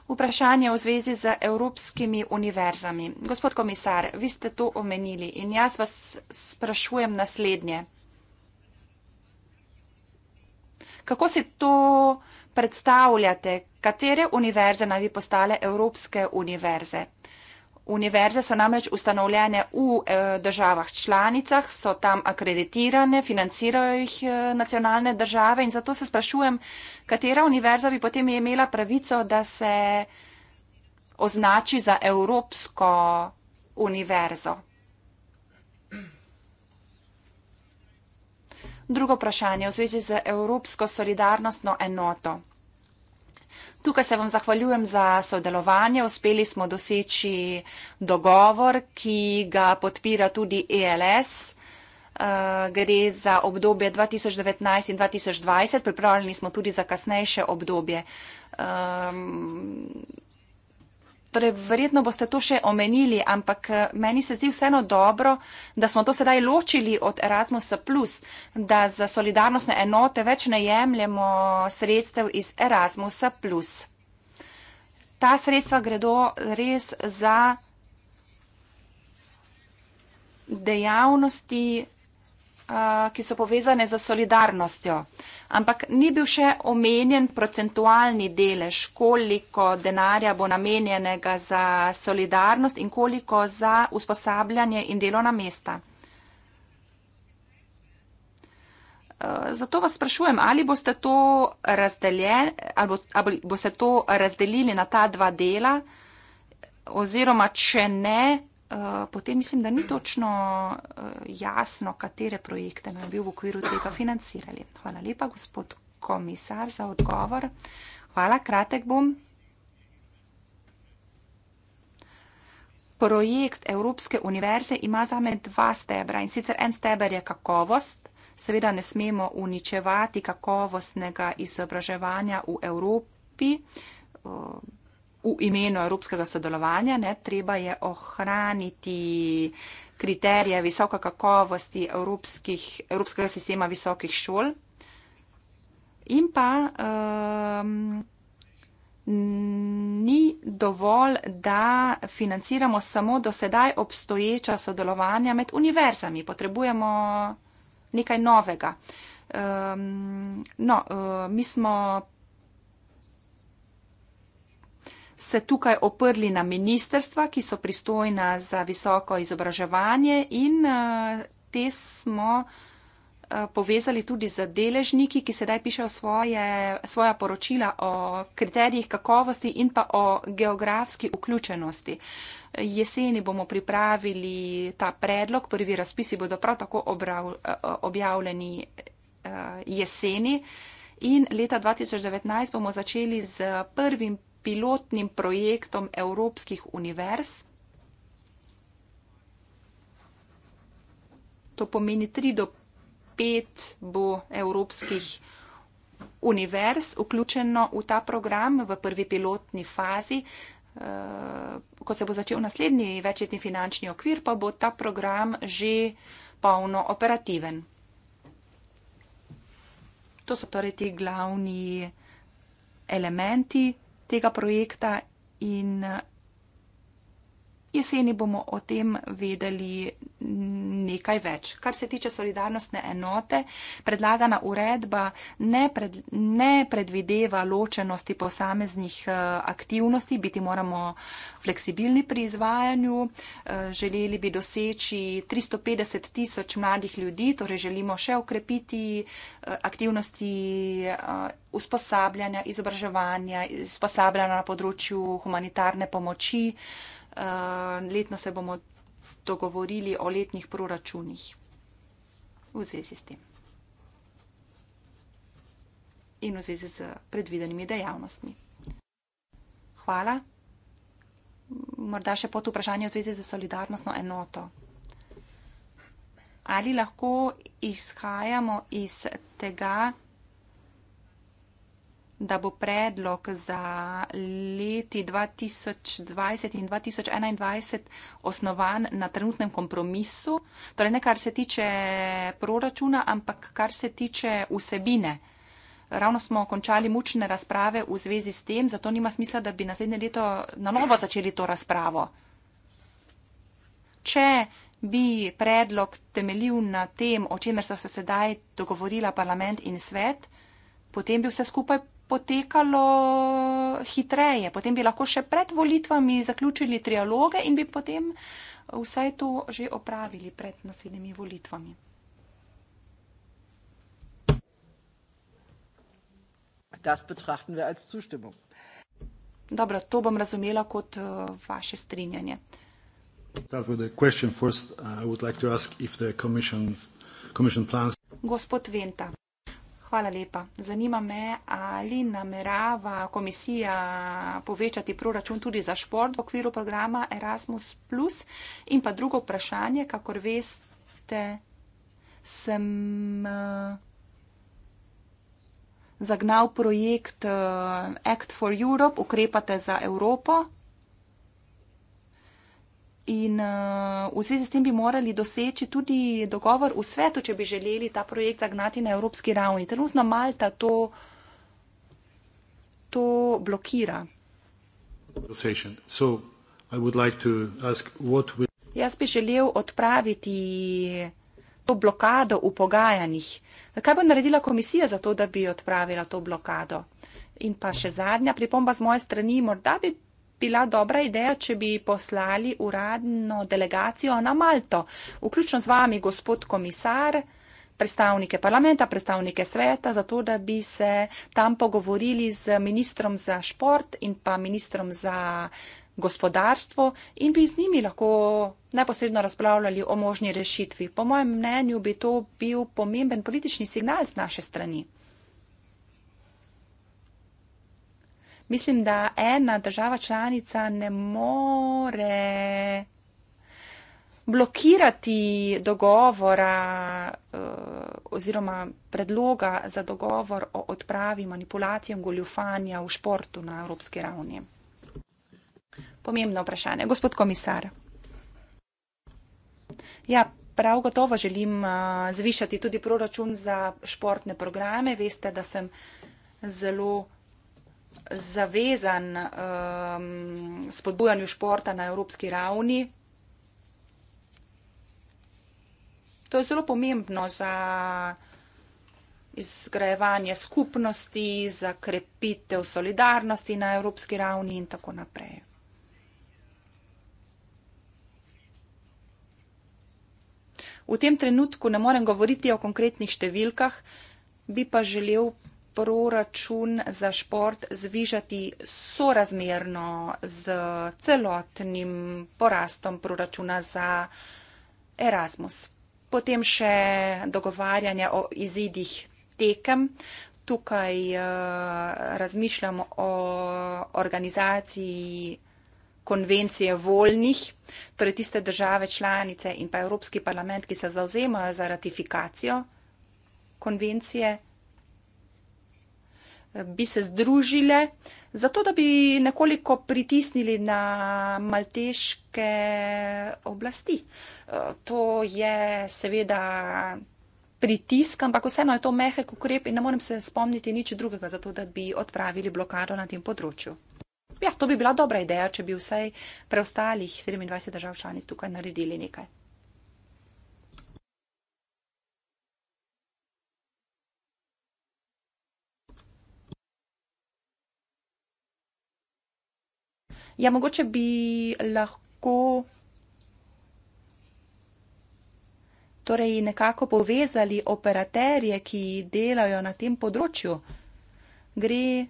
vprašanje v zvezi z evropskimi univerzami. Gospod komisar, vi ste to omenili in jaz vas sprašujem naslednje. Kako si to predstavljate, katere univerze naj bi postale evropske univerze? Univerze so namreč ustanovljene v eh, državah članicah, so tam akreditirane, financirajo jih eh, nacionalne države in zato se sprašujem, katera univerza bi potem imela pravico, da se označi za Evropsko univerzo. Drugo vprašanje v zvezi z Evropsko solidarnostno enoto. Tukaj se vam zahvaljujem za sodelovanje. Uspeli smo doseči dogovor, ki ga podpira tudi ELS. Eh, gre za obdobje 2019 in 2020. Pripravljeni smo tudi za kasnejše obdobje. Ehm, Torej, verjetno boste to še omenili, ampak eh, meni se zdi vseeno dobro, da smo to sedaj ločili od Erasmusa, da za solidarnostne enote več ne jemljemo sredstev iz Erasmusa. Ta sredstva gredo res za dejavnosti, ki so povezane za solidarnostjo, ampak ni bil še omenjen procentualni delež, koliko denarja bo namenjenega za solidarnost in koliko za usposabljanje in delovna mesta. Zato vas sprašujem, ali boste, to ali, bo, ali boste to razdelili na ta dva dela, oziroma če ne, Eh, potem mislim, da ni točno uh, jasno, katere projekte naj bi v okviru tega financirali. Hvala lepa, gospod komisar, za odgovor. Hvala, kratek bom. Projekt Evropske univerze ima za me dva stebra in sicer en steber je kakovost. Seveda ne smemo uničevati kakovostnega izobraževanja v Evropi. Uh, v imenu evropskega sodelovanja, ne, treba je ohraniti kriterije visoke kakovosti evropskih, evropskega sistema visokih šol in pa um, ni dovolj, da financiramo samo do sedaj obstoječa sodelovanja med univerzami. Potrebujemo nekaj novega. Um, no, uh, mi smo se tukaj oprli na ministerstva, ki so pristojna za visoko izobraževanje in eh, te smo eh, povezali tudi z deležniki, ki sedaj pišejo svoje, svoja poročila o kriterijih kakovosti in pa o geografski vključenosti. Jeseni bomo pripravili ta predlog, prvi razpisi bodo prav tako obrav, eh, objavljeni jeseni in leta 2019 bomo začeli z prvim pilotnim projektom evropskih univerz. To pomeni 3 do 5 bo evropskih univerz vključeno v ta program v prvi pilotni fazi. Eh, ko se bo začel naslednji večletni finančni okvir, pa bo ta program že polno operativen. To so torej ti glavni elementi tega projekta in jeseni bomo o tem vedeli nekaj več. Kar se tiče solidarnostne enote, predlagana uredba ne, pred, ne predvideva ločenosti posameznih eh, aktivnosti, biti moramo fleksibilni pri izvajanju. Eh, želeli bi doseči 350 tisoč mladih ljudi, torej želimo še okrepiti eh, aktivnosti usposabljanja, izobraževanja, usposabljanja na področju humanitarne pomoči. Eh, letno se bomo dogovorili o letnih proračunih v zvezi s tem in v zvezi z predvidenimi dejavnostmi. Hvala. Morda še pod vprašanje v zvezi z solidarnostno enoto. Ali lahko izhajamo iz tega, da bo predlog za leti 2020 in 2021 osnovan na trenutnem kompromisu, torej ne kar se tiče proračuna, ampak kar se tiče vsebine. Ravno smo končali mučne razprave v zvezi s tem, zato nima smisla, da bi naslednje leto na novo začeli to razpravo. Če bi predlog temeljil na tem, o čemer so se sedaj dogovorila parlament in svet, potem bi vse skupaj potekalo hitreje. Potem bi lahko še pred volitvami zaključili trialoge in bi potem eh, vse to že opravili pred naslednjimi volitvami. Dobro, to bom razumela kot uh, vaše strinjanje. Gospod Venta. Hvala lepa. Zanima me, ali namerava komisija povečati proračun tudi za šport v okviru programa Erasmus. In pa drugo vprašanje, kakor veste, sem eh, zagnal projekt eh, Act for Europe, ukrepate za Evropo. In uh, v zvezi s tem bi morali doseči tudi dogovor v svetu, če bi želeli ta projekt zagnati na evropski ravni. Trenutno Malta to, to blokira. Jaz bi želel odpraviti to blokado v pogajanjih. Kaj bo naredila komisija za to, da bi odpravila to blokado? In pa še zadnja pripomba z moje strani, morda bi bila dobra ideja, če bi poslali uradno delegacijo na Malto, vključno z vami, gospod komisar, predstavnike parlamenta, predstavnike sveta, zato da bi se tam pogovorili z ministrom za šport in pa ministrom za gospodarstvo in bi z njimi lahko neposredno razpravljali o možni rešitvi. Po mojem mnenju bi to bil pomemben politični signal z naše strani. mislim, da ena država članica ne more blokirati dogovora eh, oziroma predloga za dogovor o odpravi manipulacij in goljufanja v športu na evropski ravni. Pomembno vprašanje. Gospod komisar. Ja, prav gotovo želim eh, zvišati tudi proračun za športne programe. Veste, da sem zelo zavezan um, spodbujanju športa na evropski ravni. To je zelo pomembno za izgrajevanje skupnosti, za krepitev solidarnosti na evropski ravni in tako naprej. V tem trenutku ne morem govoriti o konkretnih številkah, bi pa želel proračun za šport zvižati sorazmerno z celotnim porastom proračuna za Erasmus. Potem še dogovarjanja o izidih tekem. Tukaj uh, eh, razmišljamo o organizaciji konvencije voljnih, torej tiste države članice in pa Evropski parlament, ki se zauzemajo za ratifikacijo konvencije bi se združile, zato da bi nekoliko pritisnili na malteške oblasti. E, to je seveda pritisk, ampak vseeno je to mehek ukrep in ne morem se spomniti nič drugega, zato da bi odpravili blokado na tem področju. Ja, to bi bila dobra ideja, če bi vsaj preostalih 27 držav članic tukaj naredili nekaj. Ja, mogoče bi lahko torej nekako povezali operaterje, ki delajo na tem področju. Gre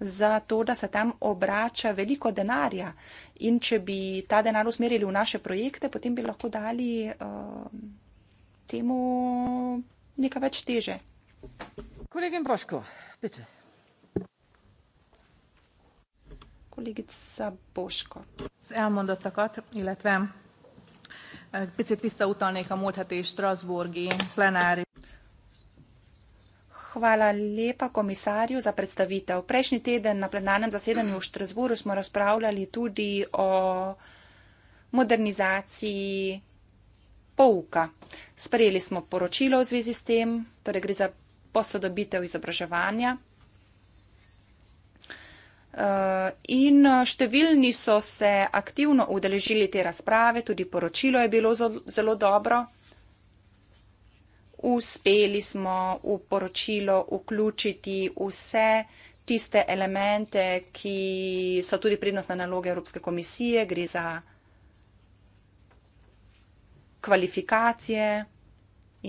za to, da se tam obrača veliko denarja in če bi ta denar usmerili v naše projekte, potem bi lahko dali uh, temu nekaj več teže. Kolegin Boško, pite. kolegica Boško. Az elmondottakat, illetve eh, picit visszautalnék a múlt heti Strasburgi plenári. Hvala lepa komisarju za predstavitev. Prejšnji teden na plenarnem zasedanju v Štrasburu smo razpravljali tudi o modernizaciji pouka. Sprejeli smo poročilo v zvezi s tem, torej gre za posodobitev izobraževanja. Eh, in eh, številni so se aktivno udeležili te razprave, tudi poročilo je bilo zelo dobro. Uspeli smo v poročilo vključiti vse tiste elemente, ki so tudi prednostne naloge Evropske komisije, gre za kvalifikacije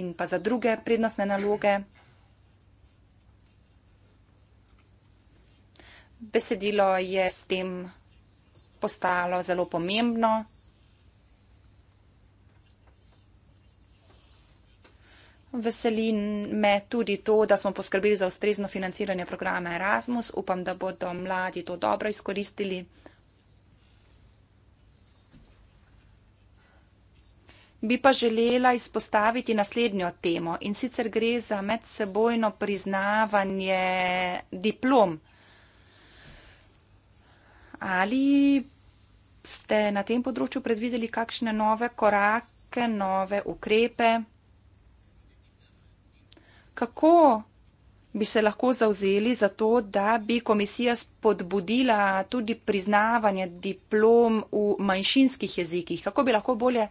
in pa za druge prednostne naloge. besedilo je s tem postalo zelo pomembno. Veseli me tudi to, da smo poskrbeli za ustrezno financiranje programa Erasmus. Upam, da bodo mladi to dobro izkoristili. Bi pa želela izpostaviti naslednjo temo in sicer gre za medsebojno priznavanje diplom. Ali ste na tem področju predvideli kakšne nove korake, nove ukrepe? Kako bi se lahko zauzeli za to, da bi komisija spodbudila tudi priznavanje diplom v manjšinskih jezikih? Kako bi lahko bolje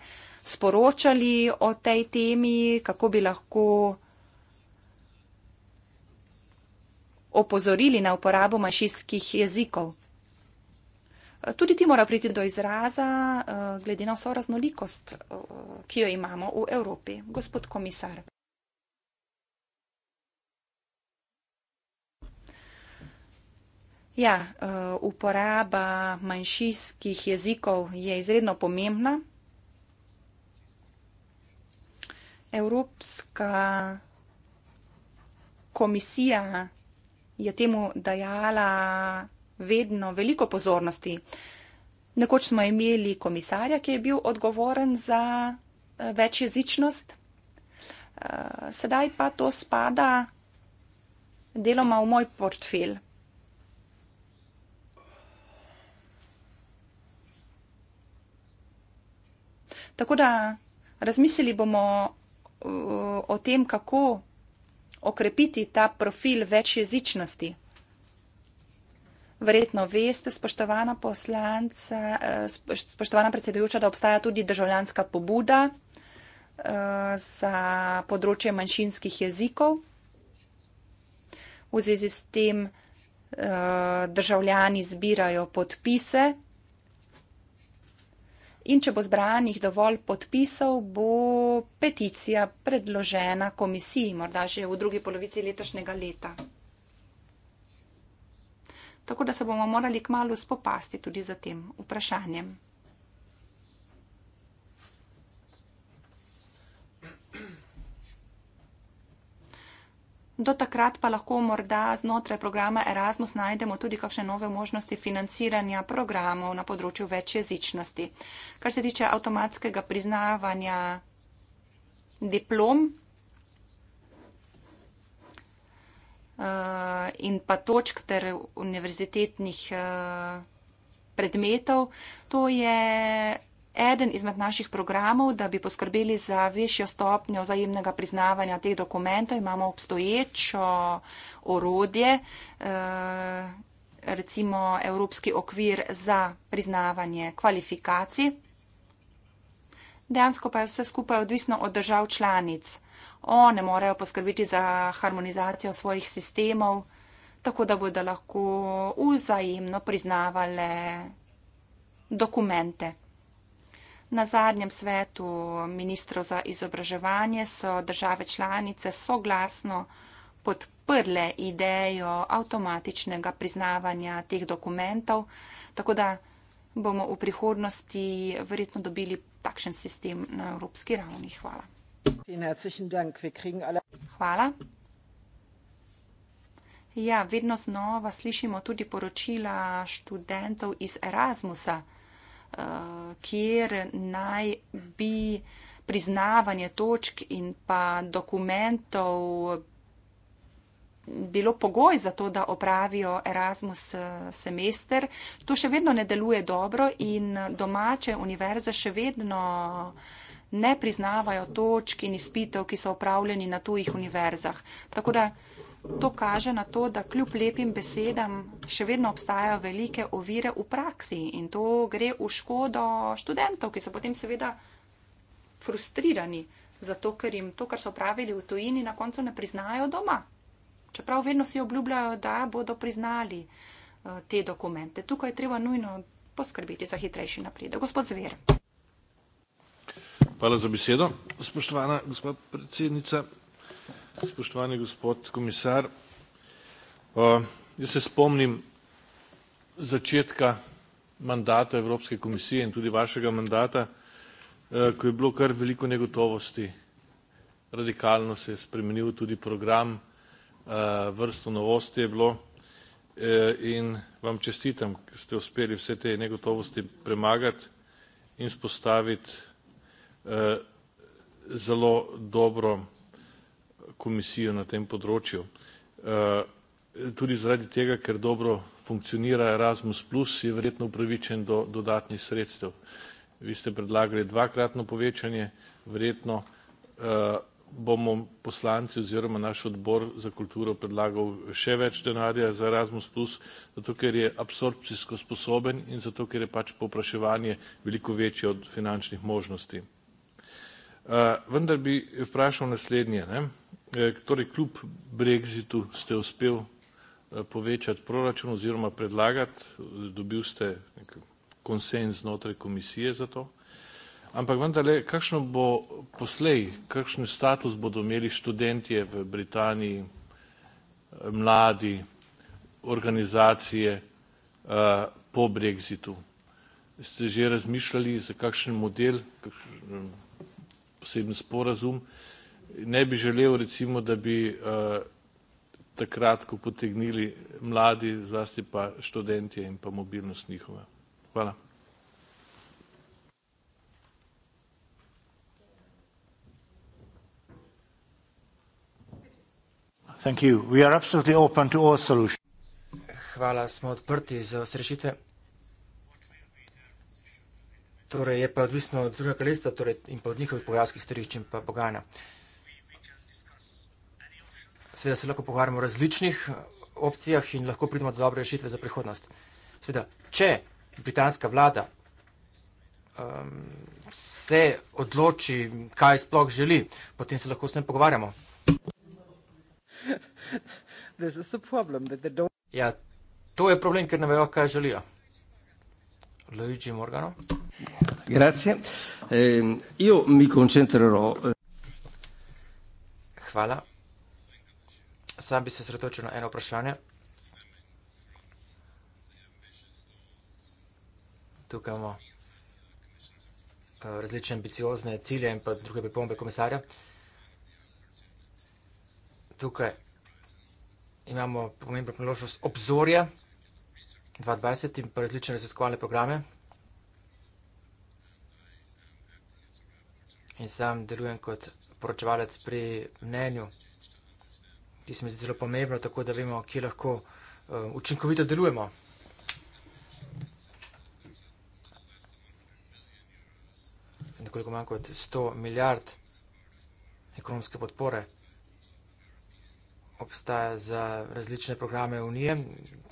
sporočali o tej temi, kako bi lahko opozorili na uporabo manjšinskih jezikov? Tudi ti mora priti do izraza, eh, glede na vso raznolikost, eh, ki jo imamo v Evropi, gospod komisar. Ja, eh, uporaba manjšinskih jezikov je izredno pomembna. Evropska komisija je temu dajala vedno veliko pozornosti. Nekoč smo imeli komisarja, ki je bil odgovoren za eh, večjezičnost, eh, sedaj pa to spada deloma v moj portfelj. Tako da razmislili bomo eh, o tem, kako okrepiti ta profil večjezičnosti. Verjetno veste, spoštovana poslanca, eh, spoštovana predsedujoča, da obstaja tudi državljanska pobuda eh, za področje manjšinskih jezikov. V zvezi s tem eh, državljani zbirajo podpise in če bo zbranih dovolj podpisov, bo peticija predložena komisiji, morda že v drugi polovici letošnjega leta tako da se bomo morali kmalo spopasti tudi za tem vprašanjem. Do takrat pa lahko morda znotraj programa Erasmus najdemo tudi kakšne nove možnosti financiranja programov na področju večjezičnosti. Kar se tiče avtomatskega priznavanja diplom, Eh, in pa točk ter univerzitetnih eh, predmetov. To je eden izmed naših programov, da bi poskrbeli za višjo stopnjo vzajemnega priznavanja teh dokumentov. Imamo obstoječo orodje, eh, recimo Evropski okvir za priznavanje kvalifikacij. Dejansko pa je vse skupaj odvisno od držav članic o, ne morejo poskrbeti za harmonizacijo svojih sistemov, tako da bodo lahko vzajemno priznavale dokumente. Na zadnjem svetu ministrov za izobraževanje so države članice soglasno podprle idejo avtomatičnega priznavanja teh dokumentov, tako da bomo v prihodnosti verjetno dobili takšen sistem na evropski ravni. Hvala. Hvala. Ja, vedno znova slišimo tudi poročila študentov iz Erasmusa, eh, kjer naj bi priznavanje točk in pa dokumentov bilo pogoj za to, da opravijo Erasmus eh, semester. To še vedno ne deluje dobro in domače univerze še vedno ne priznavajo točk in izpitev, ki so upravljeni na tujih univerzah. Tako da to kaže na to, da kljub lepim besedam še vedno obstajajo velike ovire v praksi in to gre v škodo študentov, ki so potem seveda frustrirani zato, ker jim to, kar so upravili v tujini, na koncu ne priznajo doma. Čeprav vedno si obljubljajo, da bodo priznali eh, te dokumente. Tukaj je treba nujno poskrbiti za hitrejši napredek. Gospod Zver. Hvala za besedo, spoštovana gospa predsednica. Spoštovani gospod komisar. Jaz se spomnim začetka mandata Evropske komisije in tudi vašega mandata, eh, ko je bilo kar veliko negotovosti. Radikalno se je spremenil tudi program, eh, vrsto novosti je bilo, eh, in vam čestitam, ker ste uspeli vse te negotovosti premagati in vzpostaviti Eh, zelo dobro komisijo na tem področju. Eh, tudi zaradi tega, ker dobro funkcionira Erasmus plus, je verjetno upravičen do dodatnih sredstev. Vi ste predlagali dvakratno povečanje, verjetno eh, bomo poslanci oziroma naš odbor za kulturo predlagal še več denarja za Erasmus plus, zato ker je absorpcijsko sposoben in zato ker je pač povpraševanje veliko večje od finančnih možnosti. Eh, vendar bi vprašal naslednje. Ne? Eh, torej, kljub brexitu ste uspel eh, povečati proračun oziroma predlagati, dobil ste nek konsens znotraj komisije za to, ampak vendarle, kakšno bo poslej, kakšen status bodo imeli študentje v Britaniji, mladi, organizacije uh, po brexitu? Ste že razmišljali, za kakšen model, kakšen, poseben sporazum. Ne bi želel recimo, da bi eh, takrat, ko potegnili mladi, zlasti pa študentje in pa mobilnost njihova. Hvala. Hvala, smo odprti za vse rešitve. Torej je pa odvisno od zružnega kraljestva torej in pa od njihovih pogajalskih stališč in pa pogajanja. Seveda se lahko pogovarjamo o različnih eh, opcijah in lahko pridemo do dobre rešitve za prihodnost. Seveda, če britanska vlada um, se odloči, kaj sploh želi, potem se lahko s tem pogovarjamo. <laughs> Ja, to je problem, ker ne vejo, kaj želijo. Luigi Morgano. Grazie. Eh, io mi concentrerò. Eh, Hvala. Sam bi se osredotočil na eno vprašanje. Tukaj imamo eh, različne ambiciozne cilje in pa druge pripombe komisarja. Tukaj imamo pomembno priložnost obzorja. 2020 in pa različne raziskovalne programe. In sam delujem kot poročevalec pri mnenju, ki se mi zdi zelo pomembno, tako da vemo, kje lahko uh, učinkovito delujemo. Nekoliko manj kot 100 milijard ekonomske podpore obstaja za različne programe Unije,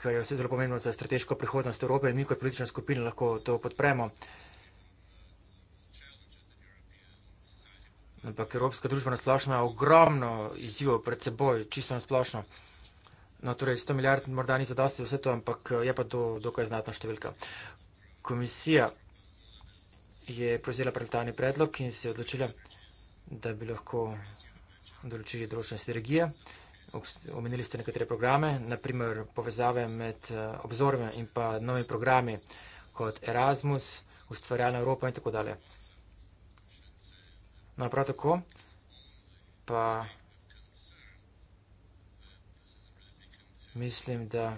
kar je vse zelo pomembno za strateško prihodnost Evrope in mi kot politična skupina lahko to podpremo. Ampak Evropska družba na splošno ima ogromno izzivov pred seboj, čisto na splošno. No, torej 100 milijard morda ni zadosti za vse to, ampak eh, je pa to dokaj znatna številka. Komisija je prevzela predstavni predlog in se je odločila, da bi lahko določili določene sinergije omenili ste nekatere programe, naprimer povezave med eh, obzorjem in pa novimi programi kot Erasmus, ustvarjalna Evropa in tako dalje. No, prav tako pa mislim, da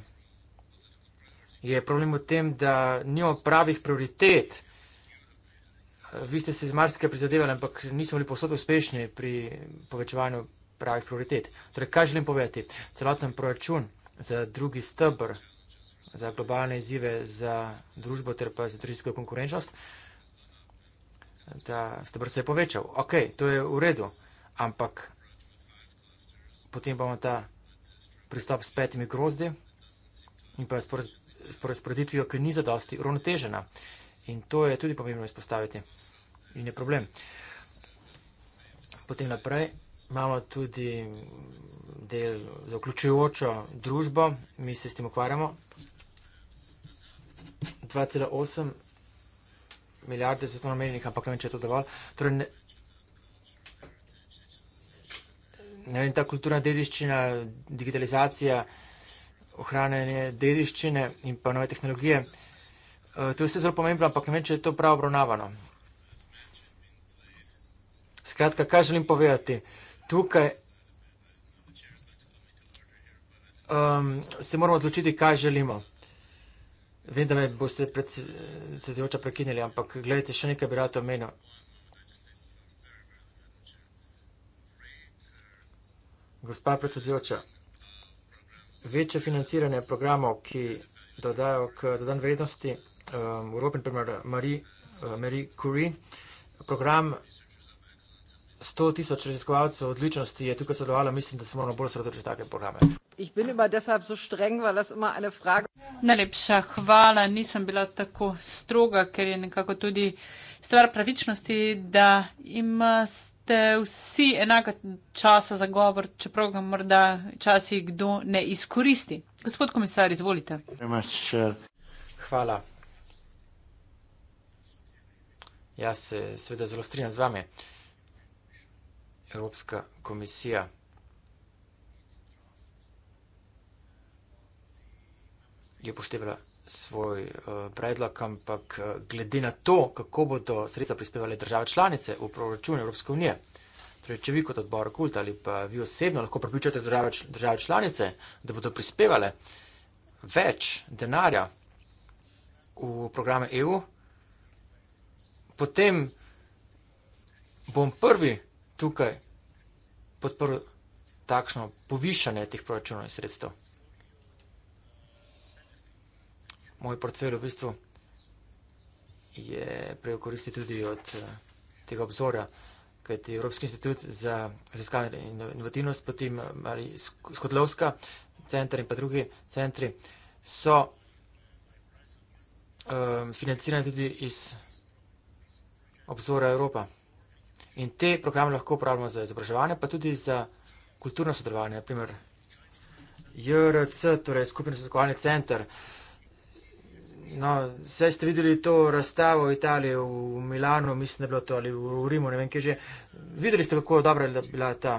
je problem v tem, da nimamo pravih prioritet. Eh, vi ste se iz Marske prizadevali, ampak nismo bili posod uspešni pri povečevanju pravih prioritet. Torej, kaj želim povedati? Celoten proračun za drugi stebr, za globalne izzive, za družbo ter pa za turistiko konkurenčnost, ta stebr se je povečal. Ok, to je v redu, ampak potem bomo ta pristop s petimi grozdi in pa s porazporeditvijo, ki ni zadosti uravnotežena. In to je tudi pomembno izpostaviti. In je problem. Potem naprej imamo tudi del za vključujočo družbo, mi se s tem ukvarjamo. 2,8 milijarde za to namenjenih, ampak ne vem, če je to dovolj. Torej ne, ne vem, ta kulturna dediščina, digitalizacija, ohranjanje dediščine in pa nove tehnologije, e, to je vse zelo pomembno, ampak ne vem, če je to prav obravnavano. Skratka, kaj želim povedati? Uh, tukaj um, se moramo odločiti, kaj želimo. Vem, da me boste predsedujoča prekinili, ampak gledajte, še nekaj bi rad omenil. Gospa predsedujoča, večje financiranje programov, ki dodajo k dodan vrednosti um, Evropi, primer Marie, uh, Marie Curie, program 100 tisoč raziskovalcev odličnosti je tukaj sodelovalo, mislim, da se moramo bolj sredotočiti na take programe. So streng, frage... Najlepša hvala, nisem bila tako stroga, ker je nekako tudi stvar pravičnosti, da imate vsi enaka časa za govor, čeprav ga morda časi kdo ne izkoristi. Gospod komisar, izvolite. Hvala. Jaz se seveda zelo strinjam z vami. Evropska komisija. Je poštevala svoj eh, predlog, ampak eh, glede na to, kako bodo sredstva prispevali države članice v proračun Evropske unije, torej če vi kot odbor kult ali pa vi osebno lahko pripričate države članice, da bodo prispevale več denarja v programe EU, potem bom prvi tukaj podprl takšno povišanje teh proračunov in sredstev. Moj portfelj v bistvu je prej v koristi tudi od eh, tega obzorja, kajti Evropski institut za raziskanje in inovativnost, potem eh, ali Skotlovska centra in pa drugi centri so eh, financirani tudi iz obzora Evropa. In te programe lahko uporabljamo za izobraževanje, pa tudi za kulturno sodelovanje. Naprimer, JRC, torej skupni raziskovalni center. No, saj ste videli to razstavo v Italiji, v Milano, mislim, da je bilo to ali v Rimu, ne vem, kje že. Videli ste, kako dobra je bila ta,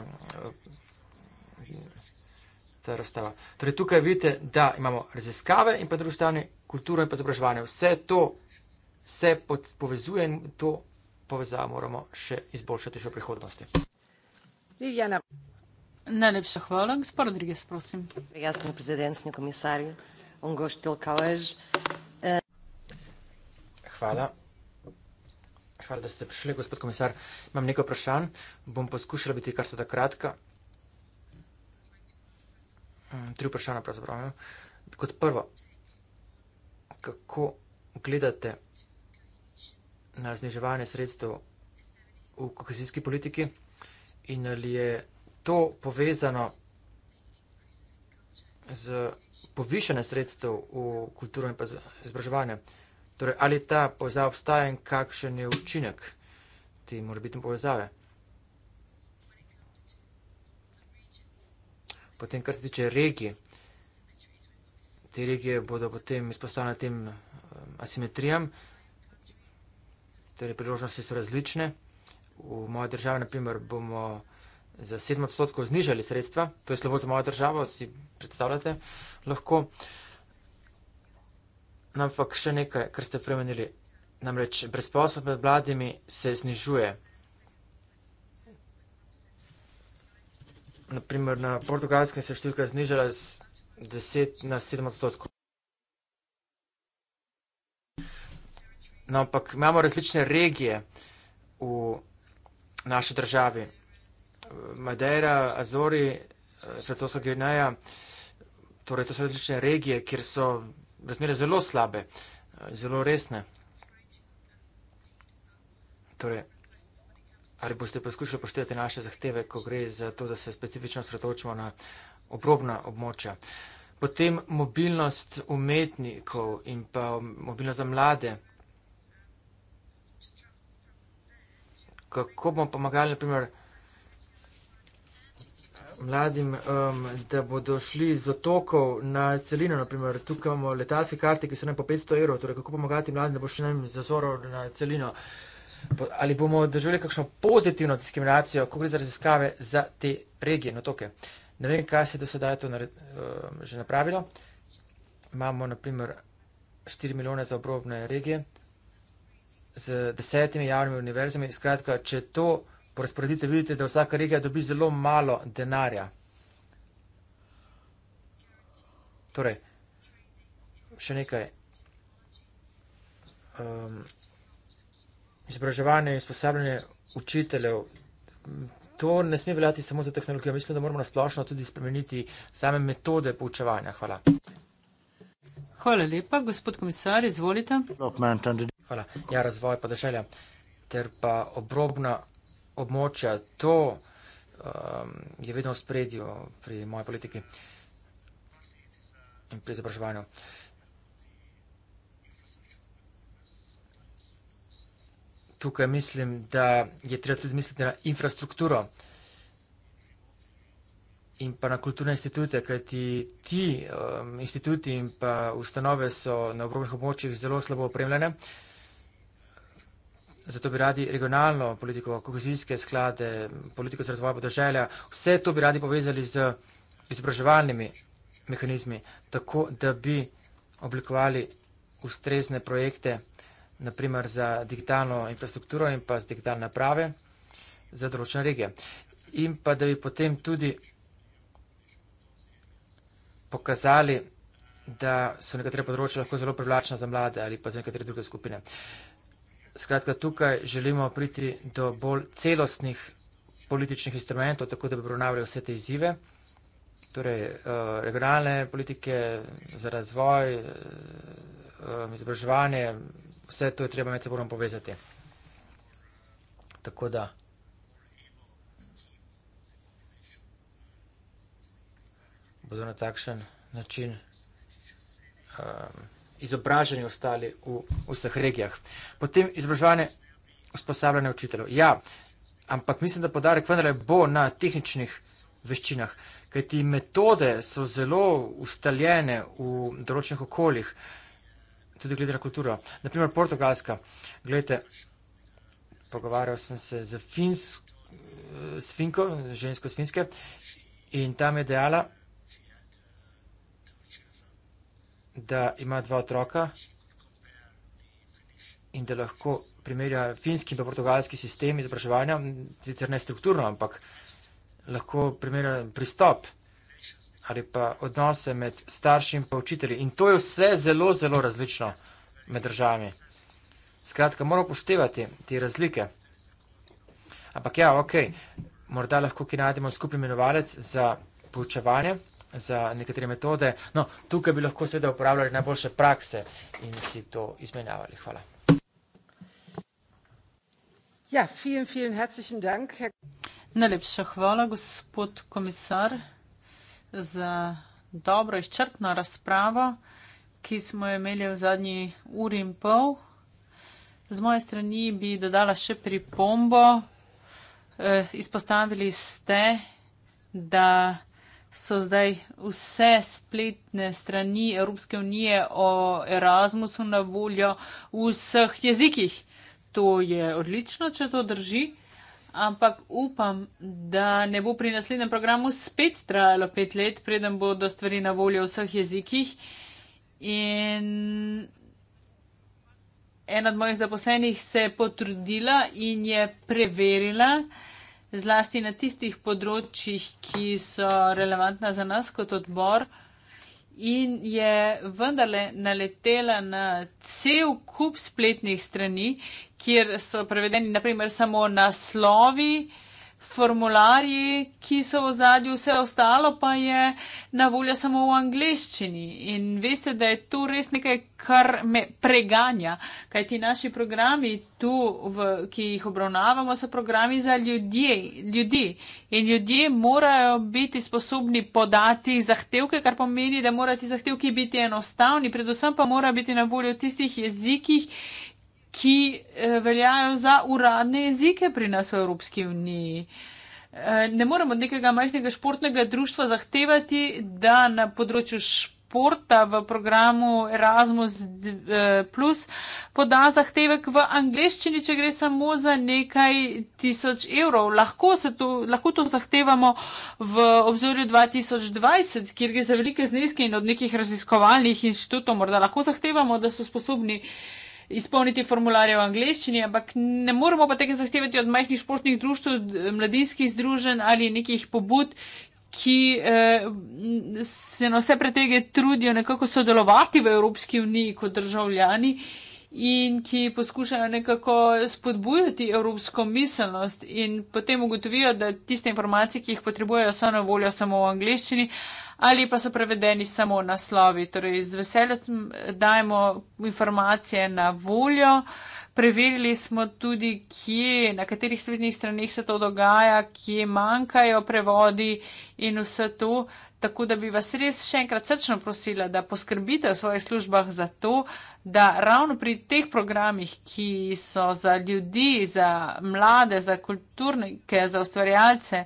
ta razstava. Torej, tukaj vidite, da imamo raziskave in pa drugo stanje, kulturo in pa izobraževanje. Vse to se povezuje in to povezavo moramo še izboljšati še v prihodnosti. Lidjana. Najlepša hvala, gospod Rodriguez, prosim. Jasno, prezidentski komisar, on goštil kavež. Eh, hvala. Hvala, da ste prišli, gospod komisar. Imam nekaj vprašanj, bom poskušala biti kar se da kratka. Mm, tri vprašanja pravzaprav. Ja. Kot prvo, kako gledate na zniževanje sredstev v kohezijski politiki in ali je to povezano z povišanje sredstev v kulturo in pa izobraževanje. Torej, ali ta povezava obstaja in kakšen je učinek te morebitne povezave. Potem, kar se tiče regije, te regije bodo potem izpostavljene tem eh, asimetrijam. Um, Torej, priložnosti so različne. V moji državi, na primer, bomo za 7 odstotkov znižali sredstva. To je slabo za mojo državo, si predstavljate lahko. No, ampak še nekaj, kar ste premenili. Namreč brezposob med mladimi se znižuje. Naprimer, na portugalskem se je številka znižala z 10 na 7 odstotkov. No, ampak imamo različne regije v naši državi. Madeira, Azori, eh, Francoska Gvineja, torej to so različne regije, kjer so razmere zelo slabe, eh, zelo resne. Torej, ali boste poskušali poštevati naše zahteve, ko gre za to, da se specifično sredočimo na obrobna območja. Potem mobilnost umetnikov in pa mobilnost za mlade. kako bomo pomagali, naprimer, mladim, um, da bodo šli z otokov na celino, naprimer, tukaj imamo letalske karte, ki so nam po 500 evrov, torej kako pomagati mladim, da bo šli nam zazorov na celino. Ali bomo doživeli kakšno pozitivno diskriminacijo, ko gre za raziskave za te regije, otoke? Ne vem, kaj se do sedaj to nared, um, že napravilo. Imamo, naprimer, 4 milijone za obrobne regije z desetimi javnimi univerzami. Skratka, če to porazporedite, vidite, da vsaka regija dobi zelo malo denarja. Torej, še nekaj. Um, izobraževanje in usposabljanje učiteljev. To ne sme veljati samo za tehnologijo. Mislim, da moramo nasplošno tudi spremeniti same metode poučevanja. Hvala. Hvala lepa, gospod komisar, izvolite. Hvala. Ja, razvoj podeželja ter pa obrobna območja, to um, je vedno v spredju pri moji politiki in pri izobraževanju. Tukaj mislim, da je treba tudi misliti na infrastrukturo in pa na kulturne institute, kajti ti um, instituti in pa ustanove so na obrobnih območjih zelo slabo opremljene. Zato bi radi regionalno politiko, kohezijske sklade, politiko za razvoj podeželja, vse to bi radi povezali z izobraževalnimi mehanizmi, tako da bi oblikovali ustrezne projekte, naprimer za digitalno infrastrukturo in pa z digitalne naprave za določene regije. In pa da bi potem tudi pokazali, da so nekatere področje lahko zelo privlačna za mlade ali pa za nekatere druge skupine. Skratka, tukaj želimo priti do bolj celostnih političnih instrumentov, tako da bi obravnavali vse te izzive, torej eh, regionalne politike za razvoj, eh, izobraževanje, vse to je treba med sebojno povezati. Tako da. bodo na takšen način um, izobraženi ostali v, v vseh regijah. Potem izobraževanje usposabljanja učiteljev. Ja, ampak mislim, da podarek vendarle bo na tehničnih veščinah, kajti metode so zelo ustaljene v določenih okoljih, tudi glede na kulturo. Naprimer, portugalska. Gledajte, pogovarjal sem se z finsko, žensko iz finske in tam je dejala, da ima dva otroka in da lahko primerja finski in pa portugalski sistem izobraževanja, sicer ne strukturno, ampak lahko primerja pristop ali pa odnose med starši in pa učitelji. In to je vse zelo, zelo različno med državami. Skratka, moramo poštevati te razlike. Ampak ja, ok, morda lahko ki najdemo skupni imenovalec za poučevanje, za nekatere metode. No, tukaj bi lahko seveda uporabljali najboljše prakse in si to izmenjavali. Hvala. Ja, vielen, vielen herzlichen Dank. Najlepša hvala, gospod komisar, za dobro izčrpno razpravo, ki smo jo imeli v zadnji uri in pol. Z moje strani bi dodala še pripombo. Eh, izpostavili ste, da so zdaj vse spletne strani Evropske unije o Erasmusu na voljo v vseh jezikih. To je odlično, če to drži, ampak upam, da ne bo pri naslednjem programu spet trajalo pet let, preden bodo stvari na voljo v vseh jezikih. In ena od mojih zaposlenih se je potrudila in je preverila, zlasti na tistih področjih, ki so relevantna za nas kot odbor, in je vendarle naletela na cel kup spletnih strani, kjer so prevedeni naprimer samo naslovi formularji, ki so v zadju, vse ostalo pa je na voljo samo v angleščini. In veste, da je to res nekaj, kar me preganja, kaj ti naši programi tu, v, ki jih obravnavamo, so programi za ljudje, ljudi. In ljudje morajo biti sposobni podati zahtevke, kar pomeni, da morajo ti zahtevki biti enostavni, predvsem pa morajo biti na voljo tistih jezikih, ki eh, veljajo za uradne jezike pri nas v Evropski uniji. Eh, ne moremo od nekega majhnega športnega društva zahtevati, da na področju športa v programu Erasmus eh, Plus poda zahtevek v angleščini, če gre samo za nekaj tisoč evrov. Lahko, to, lahko to zahtevamo v obzorju 2020, kjer gre za velike zneske in od nekih raziskovalnih inštitutov morda lahko zahtevamo, da so sposobni izpolniti formularje v angleščini, ampak ne moramo pa tega zahtevati od majhnih športnih društv, mladinskih združenj ali nekih pobud, ki eh, se na vse pretege trudijo nekako sodelovati v Evropski uniji kot državljani in ki poskušajo nekako spodbujati evropsko miselnost in potem ugotovijo, da tiste informacije, ki jih potrebujejo, so na voljo samo v angleščini ali pa so prevedeni samo naslovi. Torej, z veseljem dajemo informacije na voljo. Preverili smo tudi, kje, na katerih srednjih stranih se to dogaja, kje manjkajo prevodi in vse to. Tako da bi vas res še enkrat srčno prosila, da poskrbite v svojih službah za to, da ravno pri teh programih, ki so za ljudi, za mlade, za kulturnike, za ustvarjalce,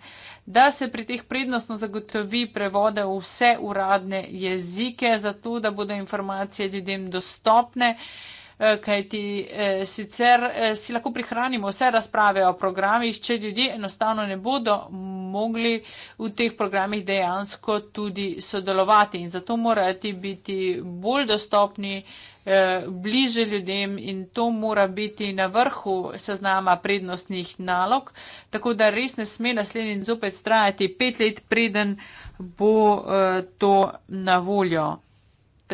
da se pri teh prednostno zagotovi prevode v vse uradne jezike, zato da bodo informacije ljudem dostopne. Uh, Eh, kajti eh, sicer eh, si lahko prihranimo vse razprave o programih, če ljudje enostavno ne bodo mogli v teh programih dejansko tudi sodelovati. In zato morajo ti biti bolj dostopni, bliže ljudem in to mora biti na vrhu seznama prednostnih nalog. Tako da res ne sme naslednji zopet trajati pet let, preden bo to na voljo.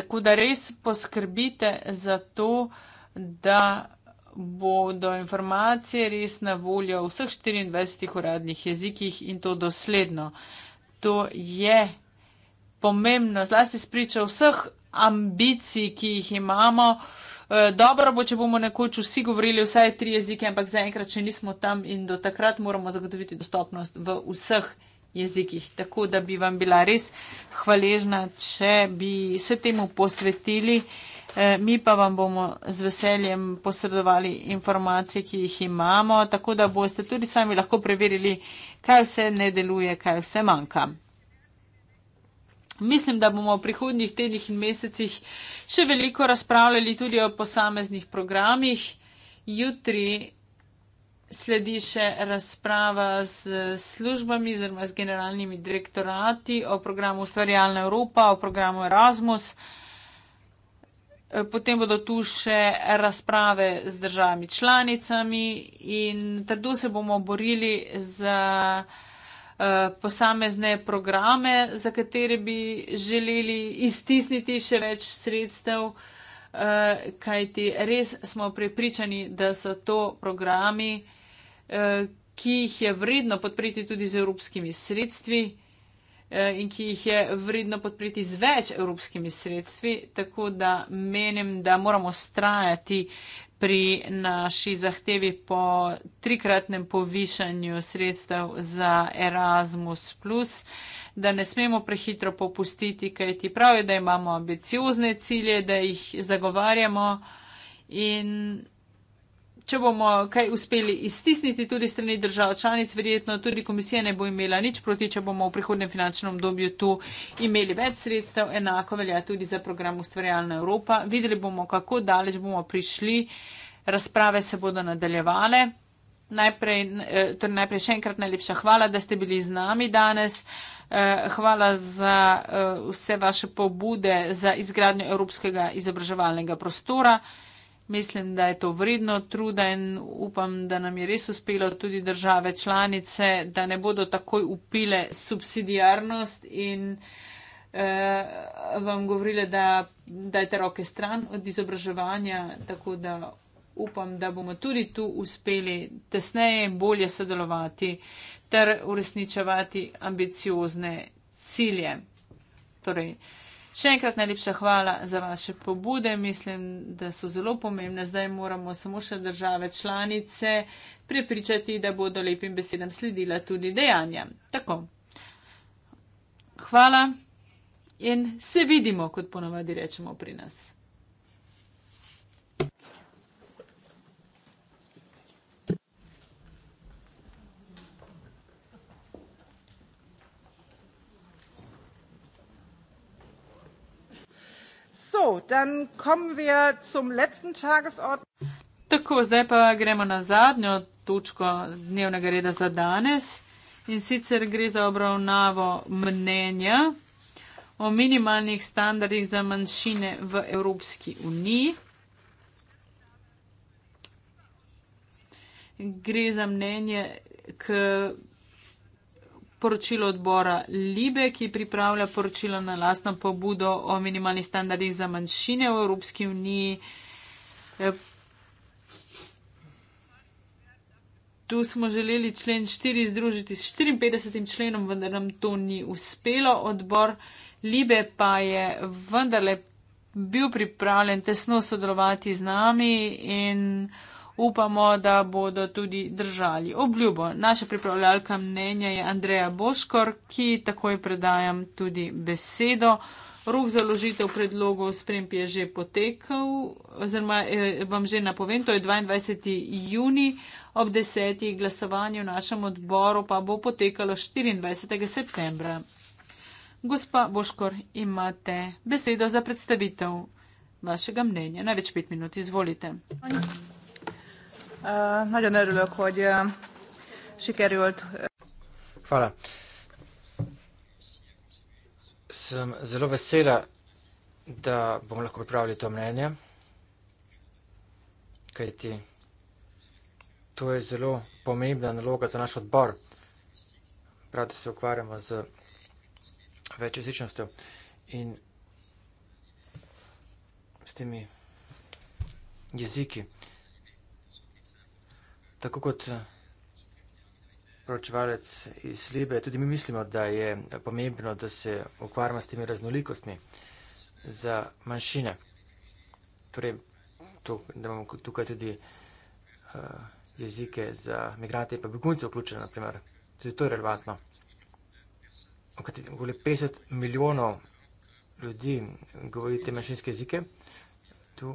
Tako da res poskrbite za to, da bodo informacije res na voljo v vseh 24 uradnih jezikih in to dosledno. To je pomembno, zlasti spriča vseh ambicij, ki jih imamo. E, dobro bo, če bomo nekoč vsi govorili vsaj tri jezike, ampak zaenkrat še nismo tam in do takrat moramo zagotoviti dostopnost v vseh jezikih. Tako da bi vam bila res hvaležna, če bi se temu posvetili. Eh, mi pa vam bomo z veseljem posredovali informacije, ki jih imamo, tako da boste tudi sami lahko preverili, kaj vse ne deluje, kaj vse manjka. Mislim, da bomo v prihodnjih tednih in mesecih še veliko razpravljali tudi o posameznih programih. Jutri sledi še razprava s službami oziroma z generalnimi direktorati o programu Ustvarjalna Evropa, o programu Erasmus. Potem bodo tu še razprave z državami članicami in trdo se bomo borili za eh, posamezne programe, za katere bi želeli iztisniti še več sredstev, eh, kajti res smo prepričani, da so to programi, Eh, ki jih je vredno podpreti tudi z evropskimi sredstvi eh, in ki jih je vredno podpreti z več evropskimi sredstvi, tako da menim, da moramo strajati pri naši zahtevi po trikratnem povišanju sredstev za Erasmus, da ne smemo prehitro popustiti, kaj ti pravijo, da imamo ambiciozne cilje, da jih zagovarjamo in če bomo kaj uspeli iztisniti tudi strani držav članic, verjetno tudi komisija ne bo imela nič proti, če bomo v prihodnem finančnem obdobju tu imeli več sredstev. Enako velja tudi za program Ustvarjalna Evropa. Videli bomo, kako daleč bomo prišli. Razprave se bodo nadaljevale. Najprej, eh, torej najprej še enkrat najlepša hvala, da ste bili z nami danes. Eh, hvala za eh, vse vaše pobude za izgradnjo evropskega izobraževalnega prostora. Mislim, da je to vredno truda in upam, da nam je res uspelo tudi države članice, da ne bodo takoj upile subsidijarnost in eh, vam govorile, da dajte roke stran od izobraževanja. Tako da upam, da bomo tudi tu uspeli tesneje in bolje sodelovati ter uresničevati ambiciozne cilje. Torej, eh, Še enkrat najlepša hvala za vaše pobude. Mislim, da so zelo pomembne. Zdaj moramo samo še države članice prepričati, da bodo lepim besedam sledila tudi dejanja. Tako. Hvala in se vidimo, kot ponovadi rečemo pri nas. So, dann kommen wir zum letzten Tagesordnung. In sicer gre za obravnavo mnenja o minimalnih standardih za manjšine v Evropski uniji. Gre za mnenje k poročilo odbora Libe, ki pripravlja poročilo na lastno pobudo o minimalnih standardih za manjšine v Evropski uniji. E, tu smo želeli člen 4 združiti s 54. členom, vendar nam to ni uspelo. Odbor Libe pa je vendarle bil pripravljen tesno sodelovati z nami in upamo, da bodo tudi držali obljubo. Naša pripravljalka mnenja je Andreja Boškor, ki takoj predajam tudi besedo. Rok za ložitev predlogov sprem je že potekal, oziroma eh, vam že napovem, to je 22. juni ob 10. glasovanju v našem odboru, pa bo potekalo 24. septembra. Gospa Boškor, imate besedo za predstavitev vašega mnenja. Največ pet minut, izvolite. Ani. Nagyon örülök, hogy sikerült. Hvala. Sem zelo vesela, da bomo lahko pripravili to mnenje, kajti to je zelo pomembna naloga za naš odbor. Prav, da se ukvarjamo z več jezičnostjo in s temi jeziki. Tako kot eh, pročevalec iz Libe, tudi mi mislimo, da je pomembno, da se ukvarjamo s temi raznolikostmi za manjšine. Torej, da imamo tukaj tudi eh, jezike za migrante in pa begunce vključene, naprimer. Tudi to je relevantno. Okoli 50 milijonov ljudi govori te manjšinske jezike tu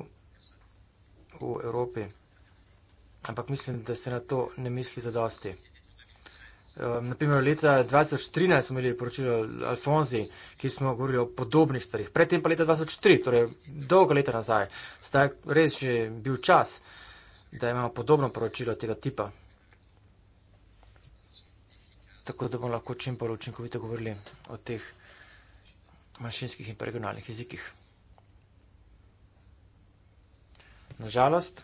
v Evropi ampak mislim, da se na to ne misli za dosti. Um, ehm, naprimer, leta 2013 smo imeli poročilo Alfonzi, ki smo govorili o podobnih stvarih. Predtem pa leta 2003, torej dolga leta nazaj, sta res že bil čas, da imamo podobno poročilo tega tipa. Tako da bomo lahko čim bolj učinkovito govorili o teh manjšinskih in regionalnih jezikih. Nažalost,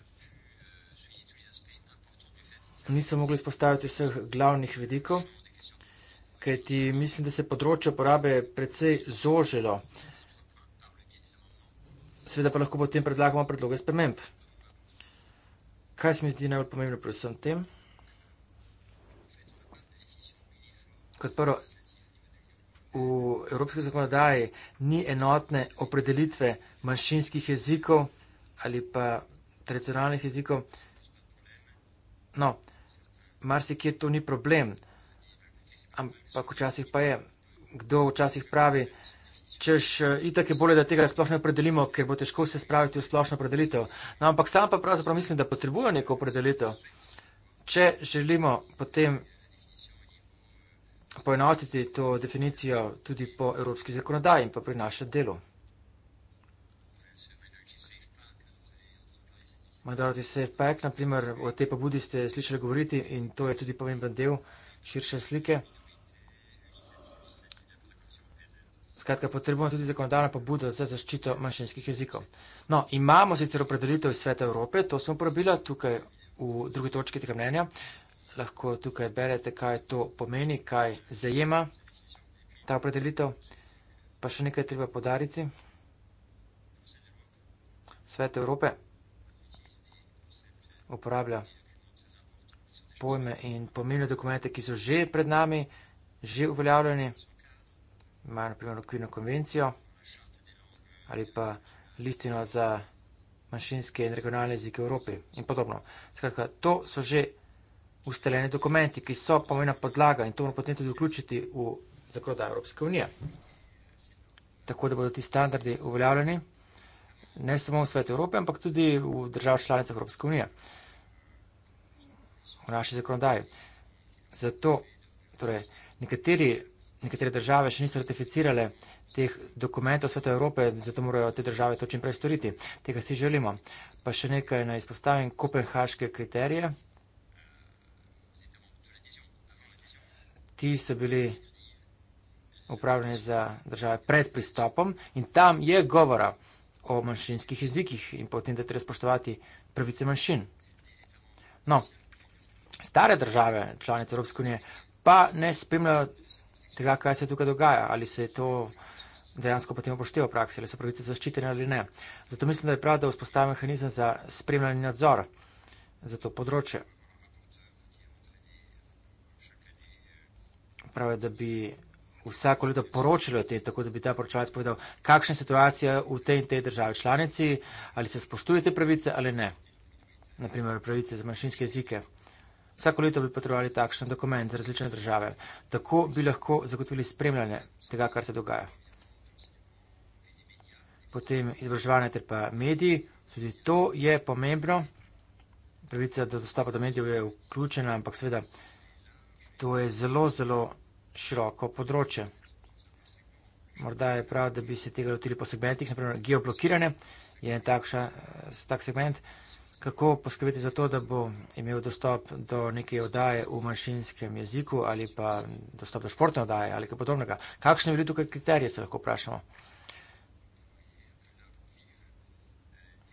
nisem mogel izpostaviti vseh glavnih vidikov, kajti mislim, da se področje uporabe je precej zožilo. Seveda pa lahko potem predlagamo predloge sprememb. Kaj se mi zdi najbolj pomembno pri vsem tem? Kot prvo, v evropski zakonodaji ni enotne opredelitve manjšinskih jezikov ali pa tradicionalnih jezikov. No, marsikje to ni problem, ampak včasih pa je. Kdo včasih pravi, češ, eh, itak je bolje, da tega sploh ne opredelimo, ker bo težko se spraviti v splošno opredelitev. No, ampak sam pa pravzaprav mislim, da potrebujo neko opredelitev. Če želimo potem poenotiti to definicijo tudi po evropski zakonodaji in pa pri našem delu. Madarati se pek, naprimer, o tej pobudi ste slišali govoriti in to je tudi pomemben del širše slike. Skratka, potrebujemo tudi zakonodajno pobudo za zaščito manjšinskih jezikov. No, imamo sicer opredelitev Sveta Evrope, to sem uporabila tukaj v drugi točki tega mnenja. Lahko tukaj berete, kaj to pomeni, kaj zajema ta opredelitev. Pa še nekaj treba podariti. Svet Evrope uporablja pojme in pomembne dokumente, ki so že pred nami, že uveljavljeni, imajo na primer okvirno konvencijo ali pa listino za manjšinske in regionalne jezike v Evropi in podobno. Skratka, to so že ustaljeni dokumenti, ki so pomembna podlaga in to moramo potem tudi vključiti v zakonodajo Evropske unije. Tako da bodo ti standardi uveljavljeni ne samo v svetu Evrope, ampak tudi v državah članicah Evropske unije. Uh, v naši zakonodaji. Zato torej, nekateri, nekatere države še niso ratificirale teh dokumentov Sveta Evrope, zato morajo te države to čim prej storiti. Tega si želimo. Pa še nekaj naj izpostavim kopenhaške kriterije. Ti so bili upravljeni za države pred pristopom in tam je govora o manjšinskih jezikih in potem da treba spoštovati pravice manjšin. No, stare države, članice Evropske unije, pa ne spremljajo tega, kaj se tukaj dogaja, ali se je to dejansko potem upošteva v praksi, ali so pravice zaščitene ali ne. Zato mislim, da je prav, da vzpostavi mehanizem za spremljanje in nadzor za to področje. Pravi, da bi vsako leto poročali o tem, tako da bi ta poročalec povedal, kakšna je situacija v tej in tej državi članici, ali se spoštujete pravice ali ne. Naprimer, pravice za manjšinske jezike. Vsako leto bi potrebovali takšen dokument za različne države, tako bi lahko zagotovili spremljanje tega, kar se dogaja. Potem izobraževanje ter pa mediji, tudi to je pomembno. Pravica do dostopa do medijev je vključena, ampak seveda to je zelo, zelo široko področje. Morda je prav, da bi se tega lotili po segmentih, naprimer geoblokiranje je en takšen eh, tak segment. Uh, kako poskrbeti za to, da bo imel dostop do neke oddaje v manjšinskem jeziku ali pa dostop do športne oddaje ali kaj podobnega. Kakšne bili tukaj kriterije, se lahko vprašamo?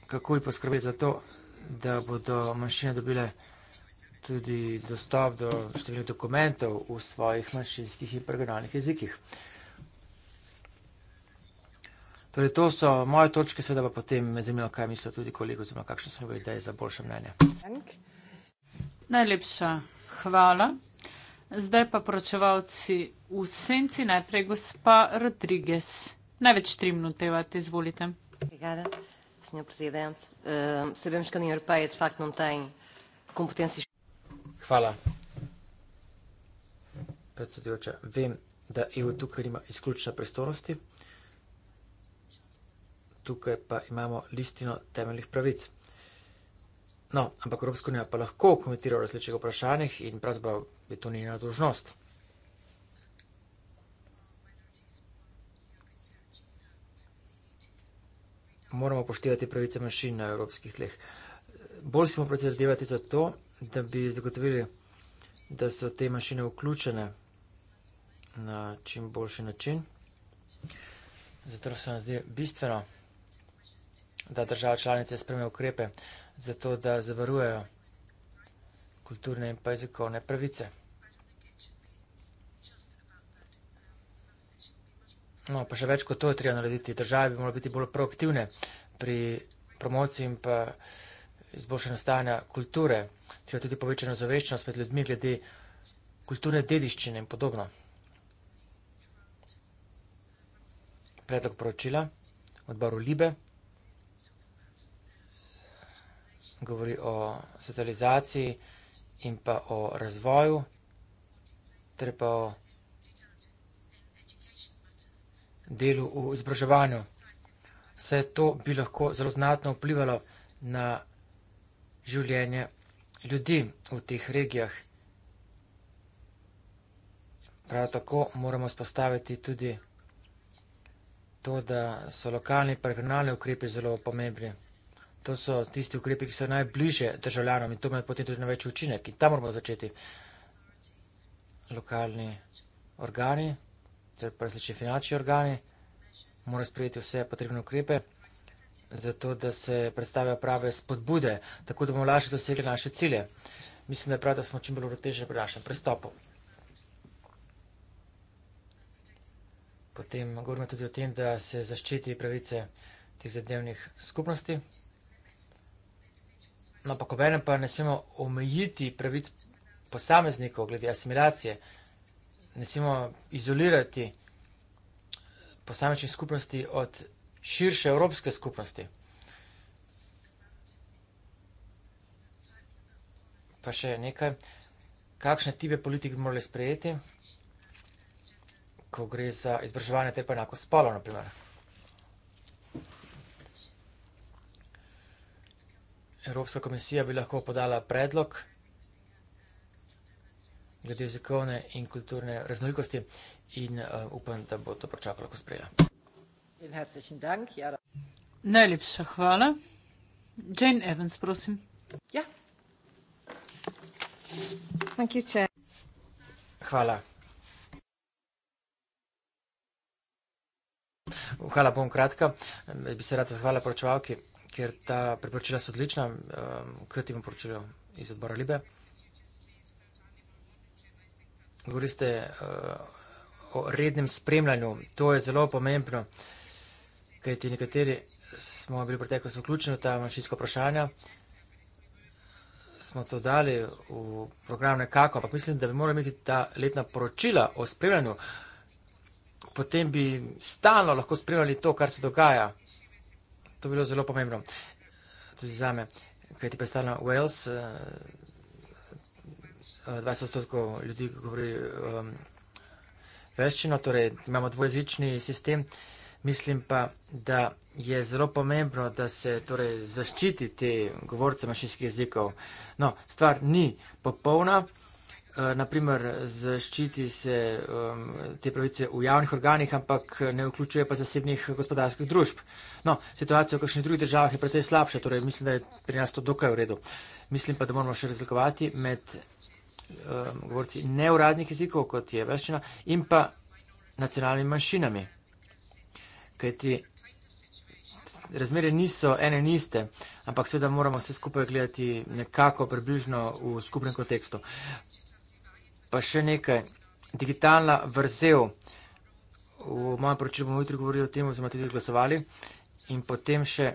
Kako bi poskrbeli za to, da bodo manjšine dobile tudi dostop do številnih dokumentov v svojih manjšinskih in regionalnih jezikih? Torej, to so moje točke, seveda pa potem me zanima, kaj mislijo tudi kolegi oziroma kakšne so njihove ideje za boljše mnenje. Najlepša hvala. Zdaj pa poročevalci v senci, najprej gospa Rodriguez. Največ tri minute imate, izvolite. Obrigada, senjor predsednik. Eh, Srbemška njihova pa je de facto montajn kompetenci. Hvala. Predsedujoča, vem, da EU tukaj ima izključne pristojnosti tukaj pa imamo listino temeljnih pravic. No, ampak Evropska unija pa lahko komentira o različnih vprašanjih in pravzaprav je to njena dožnost. Moramo poštevati pravice manjšin na evropskih tleh. Bolj si moramo predsedevati za to, da bi zagotovili, da so te manjšine vključene na čim boljši način. Zato se nam zdi bistveno da države članice spreme ukrepe, zato da zavarujejo kulturne in pa jezikovne pravice. No, pa še več kot to je treba narediti. Države bi morali biti bolj proaktivne pri promociji in pa izboljšanju stanja kulture. Treba tudi povečano zaveščenost med ljudmi glede kulturne dediščine in podobno. Predlog poročila odboru Libe. govori o svetalizaciji in pa o razvoju, ter pa o delu v izobraževanju. Vse to bi lahko zelo znatno vplivalo na življenje ljudi v teh regijah. Prav tako moramo spostaviti tudi to, da so lokalni pregnalni ukrepi zelo pomembni to so tisti ukrepi, ki so najbližje državljanom in to ima potem tudi največji učinek. In tam moramo začeti. Lokalni organi, torej različni finančni organi, morajo sprejeti vse potrebne ukrepe, zato da se predstavijo prave spodbude, tako da bomo lažje dosegli naše cilje. Mislim, da je prav, da smo čim bolj uroteženi pri našem prestopu. Potem govorimo tudi o tem, da se zaščiti pravice teh zadevnih skupnosti ampak obenem pa ne smemo omejiti pravic posameznikov glede asimilacije, ne smemo izolirati posamečnih skupnosti od širše evropske skupnosti. Pa še nekaj, kakšne tipe politik bi morali sprejeti, ko gre za izbrževanje ter pa enako spolo, naprimer. Evropska komisija bi lahko podala predlog glede jezikovne in kulturne raznolikosti in uh, upam, da bo to pročako lahko sprejela. Ja, Najlepša hvala. Jane Evans, prosim. Ja. Thank you, chair. Hvala. Hvala, bom kratka. Bi se rada zahvala poročevalki ker ta priporočila so odlična, ehm, k temu poročilu iz odbora Libe. Govorite eh, o rednem spremljanju, to je zelo pomembno, kajti nekateri smo bili v preteklosti vključeni v ta manjšinska vprašanja, smo to dali v program nekako, ampak mislim, da bi morali imeti ta letna poročila o spremljanju, potem bi stalno lahko spremljali to, kar se dogaja. To je bilo zelo pomembno. Eh, tudi za me, kaj ti predstavljam Wales, 20 eh, eh, odstotkov ljudi govori ehm, veščino, torej imamo dvojezični sistem. Mislim pa, da je zelo pomembno, da se torej, zaščiti te govorce mašinskih jezikov. No, stvar ni popolna. Eh, naprimer zaščiti se um, te pravice v javnih organih, ampak ne vključuje pa zasebnih gospodarskih družb. No, situacija v kakšnih drugih državah je precej slabša, torej mislim, da je pri nas to dokaj v redu. Mislim pa, da moramo še razlikovati med um, govorci neuradnih jezikov, kot je veščina, in pa nacionalnimi manjšinami. Kajti razmere niso ene niste, ampak seveda moramo vse skupaj gledati nekako približno v skupnem kontekstu. Pa še nekaj, digitalna vrzel. V mojem poročilu bomo jutri govorili o tem, oziroma tudi glasovali. In potem še,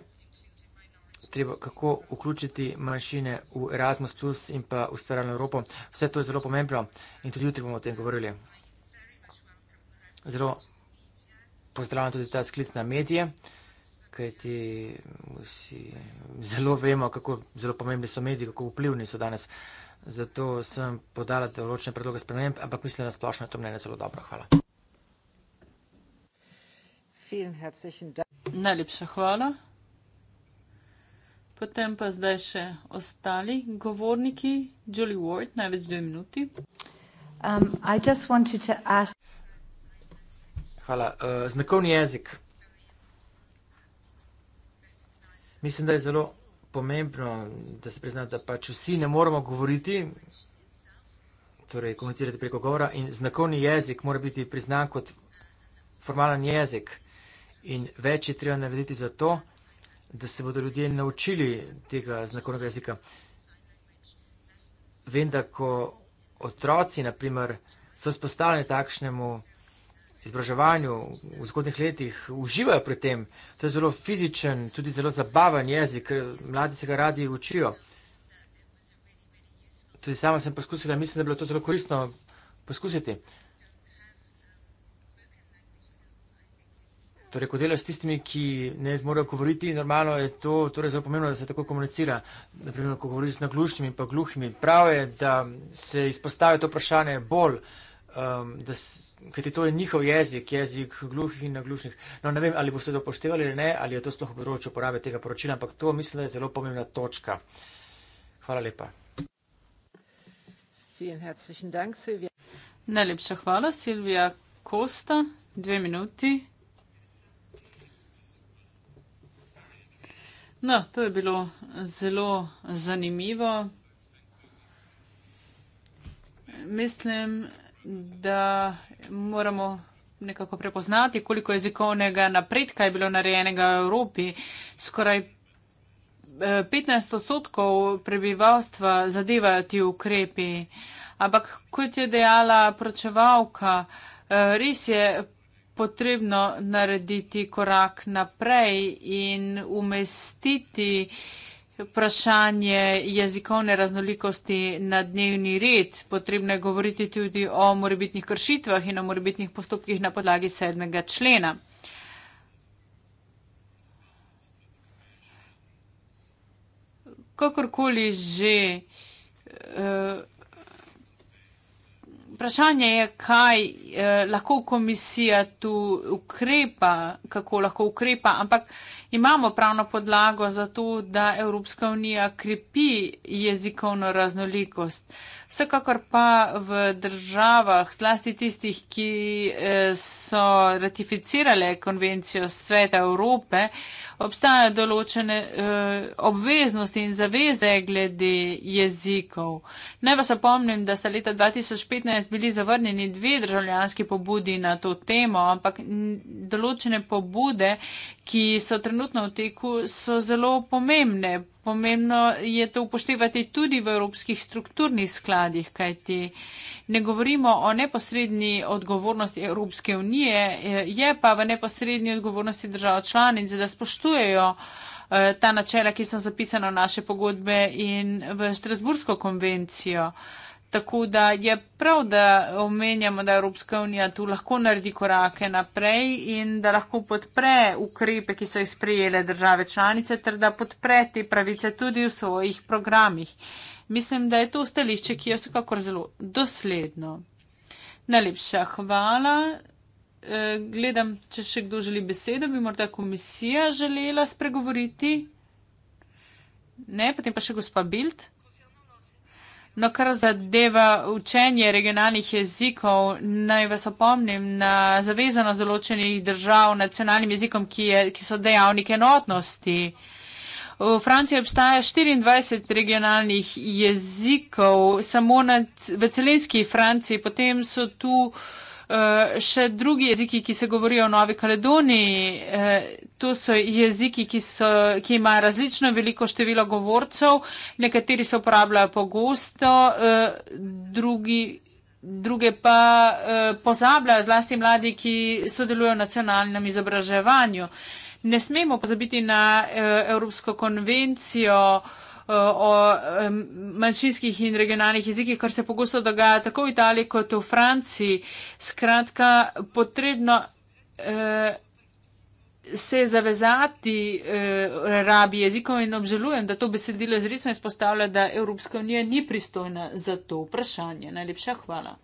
treba, kako vključiti manjšine v Erasmus, in pa ustvarjalno Evropo. Vse to je zelo pomembno in tudi jutri bomo o tem govorili. Zelo pozdravljam tudi ta sklic na medije, kajti vsi zelo vemo, kako zelo pomembni so mediji, kako vplivni so danes. Uh, Zato sem podala določene predloge sprememb, ampak mislim, da splošno je to mnenje zelo dobro. Hvala. Najlepša hvala. Potem pa zdaj še ostali govorniki. Julie Ward, največ dve minuti. Um, ask... Hvala. Uh, znakovni jezik. Mislim, da je zelo pomembno, da se prizna, da pač vsi ne moramo govoriti, torej komunicirati preko govora in znakovni jezik mora biti priznan kot formalen jezik in več je treba narediti za to, da se bodo ljudje naučili tega znakovnega jezika. Vem, da ko otroci, naprimer, so spostavljeni takšnemu jeziku, izobraževanju v zgodnih letih, uživajo pri tem. To je zelo fizičen, tudi zelo zabaven jezik, mladi se ga radi učijo. Tudi sama sem poskusila, mislim, da je bilo to zelo koristno poskusiti. Torej, ko delaš s tistimi, ki ne zmorejo govoriti, normalno je to torej zelo pomembno, da se tako komunicira. Naprimer, ko govoriš z naglušnimi in pa gluhimi, prav je, da se izpostavi to vprašanje bolj, um, da Kajti to je njihov jezik, jezik gluhih in naglušnih. No, ne vem, ali boste to upoštevali ali ne, ali je to sploh področje uporabe tega poročila, ampak to mislim, da je zelo pomembna točka. Hvala lepa. Najlepša hvala, Silvija Kosta. Dve minuti. No, to je bilo zelo zanimivo. Mislim, da moramo nekako prepoznati, koliko jezikovnega napredka je bilo narejenega v Evropi. Skoraj 15 eh, odstotkov prebivalstva zadevajo ti ukrepi. Ampak, kot je dejala pročevalka, eh, res je potrebno narediti korak naprej in umestiti vprašanje jezikovne raznolikosti na dnevni red. Potrebno je govoriti tudi o morebitnih kršitvah in o morebitnih postopkih na podlagi sedmega člena. Kakorkoli že. Uh, vprašanje je, kaj eh, lahko komisija tu ukrepa, kako lahko ukrepa, ampak imamo pravno podlago za to, da Evropska unija krepi jezikovno raznolikost. Vsekakor pa v državah, zlasti tistih, ki eh, so ratificirale konvencijo Sveta Evrope, obstajajo določene eh, obveznosti in zaveze glede jezikov. Naj vas opomnim, da sta leta 2015 SDS bili zavrnjeni dve državljanski pobudi na to temo, ampak določene pobude, ki so trenutno v teku, so zelo pomembne. Pomembno je to upoštevati tudi v evropskih strukturnih skladih, kajti ne govorimo o neposrednji odgovornosti Evropske unije, je pa v neposrednji odgovornosti držav članic, da spoštujejo eh, ta načela, ki so zapisana v naše pogodbe in v Štrasbursko konvencijo. Tako da je prav, da omenjamo, da Evropska unija tu lahko naredi korake naprej in da lahko podpre ukrepe, ki so jih sprejele države članice, ter da podpre te pravice tudi v svojih programih. Mislim, da je to stališče, ki je vsekakor zelo dosledno. Najlepša hvala. E, gledam, če še kdo želi besedo, bi morda komisija želela spregovoriti. Ne, potem pa še gospa Bild. No, kar zadeva učenje regionalnih jezikov, naj vas opomnim na zavezanost določenih držav nacionalnim jezikom, ki, je, ki so dejavnik enotnosti. V Franciji obstaja 24 regionalnih jezikov, samo na, v celinski Franciji, potem so tu Eh, še drugi jeziki, ki se govorijo v Novi Kaledoniji, eh, to so jeziki, ki, so, ki imajo različno veliko število govorcev, nekateri se uporabljajo pogosto, eh, drugi, druge pa pozabljajo, zlasti mladi, ki sodelujo v nacionalnem izobraževanju. Ne smemo pozabiti na Evropsko konvencijo, Eh, o manjšinskih in regionalnih jezikih, kar se pogosto dogaja tako v Italiji kot v Franciji. Skratka, potrebno eh, se zavezati eh, rabi jezikov in obžalujem, da to besedilo izrecno izpostavlja, da Evropska unija ni pristojna za to vprašanje. Najlepša hvala.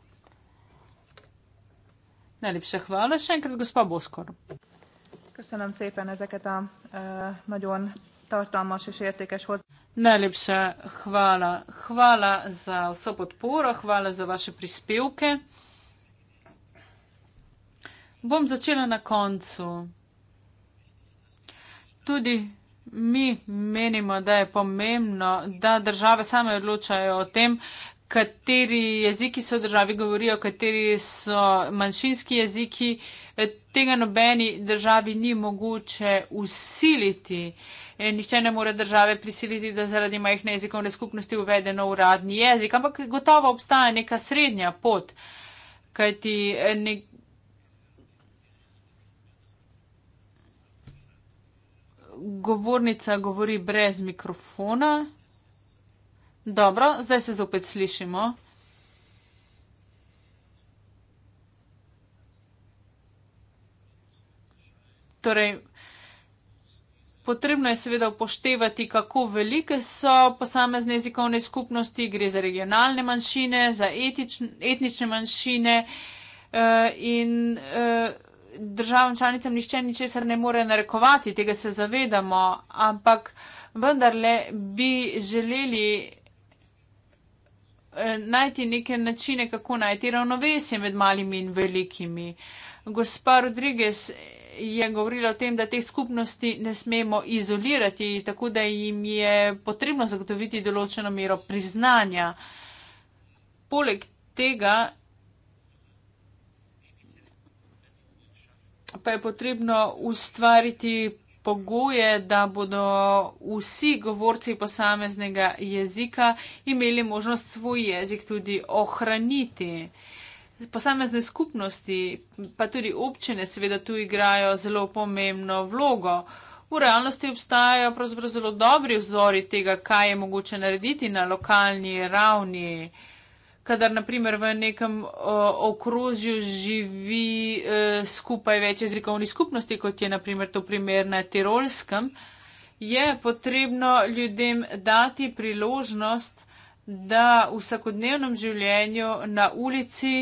Najlepša hvala še enkrat, gospa Boskor. Köszönöm szépen ezeket a uh, nagyon tartalmas és értékes hozzá. Najlepša hvala. Hvala za vso podporo, hvala za vaše prispevke. Bom začela na koncu. Tudi mi menimo, da je pomembno, da države same odločajo o tem, kateri jeziki so v državi govorijo, kateri so manjšinski jeziki. Tega nobeni državi ni mogoče usiliti in nihče ne more države prisiliti, da zaradi majhne jezikovne skupnosti uvede nov uradni jezik, ampak gotovo obstaja neka srednja pot, kajti eh, nek. Govornica govori brez mikrofona. Dobro, zdaj se zopet slišimo. Torej, Potrebno je seveda upoštevati, kako velike so posamezne jezikovne skupnosti, gre za regionalne manjšine, za etične, etnične manjšine eh, in eh, državam članicam nišče ničesar ne more narekovati, tega se zavedamo, ampak vendarle bi želeli eh, najti neke načine, kako najti ravnovesje med malimi in velikimi. Gospa Rodriguez je govorila o tem, da te skupnosti ne smemo izolirati, tako da jim je potrebno zagotoviti določeno mero priznanja. Poleg tega pa je potrebno ustvariti pogoje, da bodo vsi govorci posameznega jezika imeli možnost svoj jezik tudi ohraniti posamezne skupnosti, pa tudi občine, seveda tu igrajo zelo pomembno vlogo. V realnosti obstajajo pravzaprav zelo dobri vzori tega, kaj je mogoče narediti na lokalni ravni. Kadar naprimer v nekem o, okrožju živi e, skupaj več jezikovnih skupnosti, kot je naprimer to primer na Tirolskem, je potrebno ljudem dati priložnost, da v vsakodnevnem življenju na ulici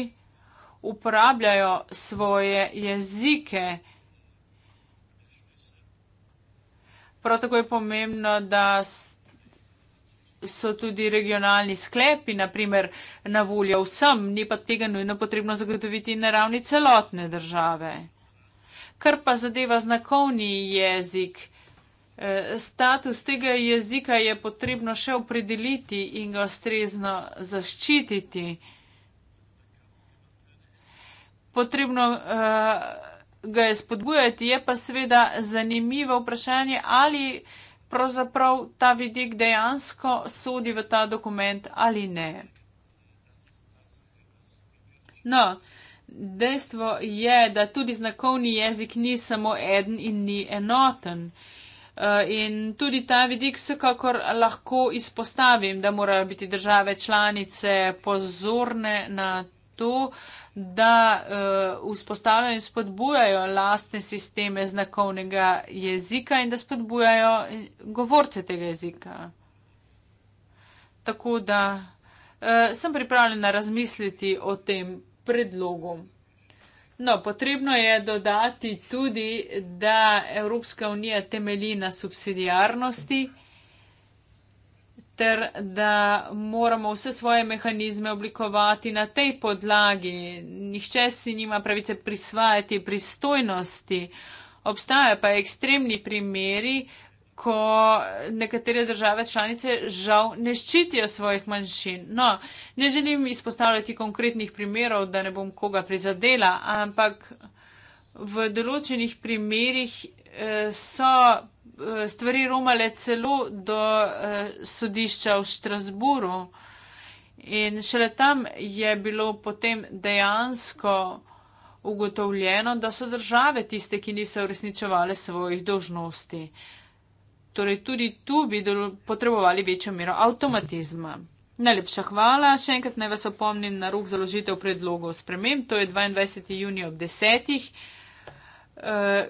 uporabljajo svoje jezike. Prav tako je pomembno, da so tudi regionalni sklepi, naprimer, na voljo vsem, ni pa tega nujno potrebno zagotoviti na ravni celotne države. Kar pa zadeva znakovni jezik, eh, status tega jezika je potrebno še opredeliti in ga ustrezno zaščititi potrebno uh, ga je spodbujati. Je pa seveda zanimivo vprašanje, ali pravzaprav ta vidik dejansko sodi v ta dokument ali ne. No, dejstvo je, da tudi znakovni jezik ni samo eden in ni enoten. Eh, in tudi ta vidik vsekakor lahko izpostavim, da morajo biti države članice pozorne na to, da uh, vzpostavljajo in spodbujajo lastne sisteme znakovnega jezika in da spodbujajo govorce tega jezika. Tako da uh, sem pripravljena razmisliti o tem predlogu. No, potrebno je dodati tudi, da Evropska unija temelji na subsidijarnosti ter da moramo vse svoje mehanizme oblikovati na tej podlagi. Nihče si nima pravice prisvajati pristojnosti. Obstaja pa ekstremni primeri, ko nekatere države članice žal ne ščitijo svojih manjšin. No, ne želim izpostavljati konkretnih primerov, da ne bom koga prizadela, ampak v določenih primerih eh, so Eh, stvari rumale celo do uh, sodišča v Štrasburu. In šele tam je bilo potem dejansko ugotovljeno, da so države tiste, ki niso uresničevale svojih dožnosti. Torej tudi tu bi dol- potrebovali večjo mero avtomatizma. Najlepša hvala, še enkrat naj vas opomnim na rok založitev predlogov sprememb, to je 22. junij ob 10. Uh,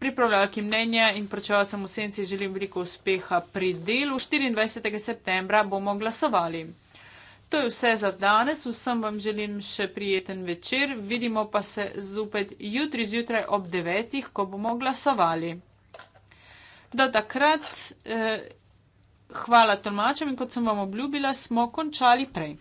pripravljalki mnenja in pročevalcem v senci želim veliko uspeha pri delu. 24. septembra bomo glasovali. To je vse za danes, vsem vam želim še prijeten večer, vidimo pa se zopet jutri zjutraj ob 9. ko bomo glasovali. Do takrat eh, hvala tolmačem in kot sem vam obljubila, smo končali prej.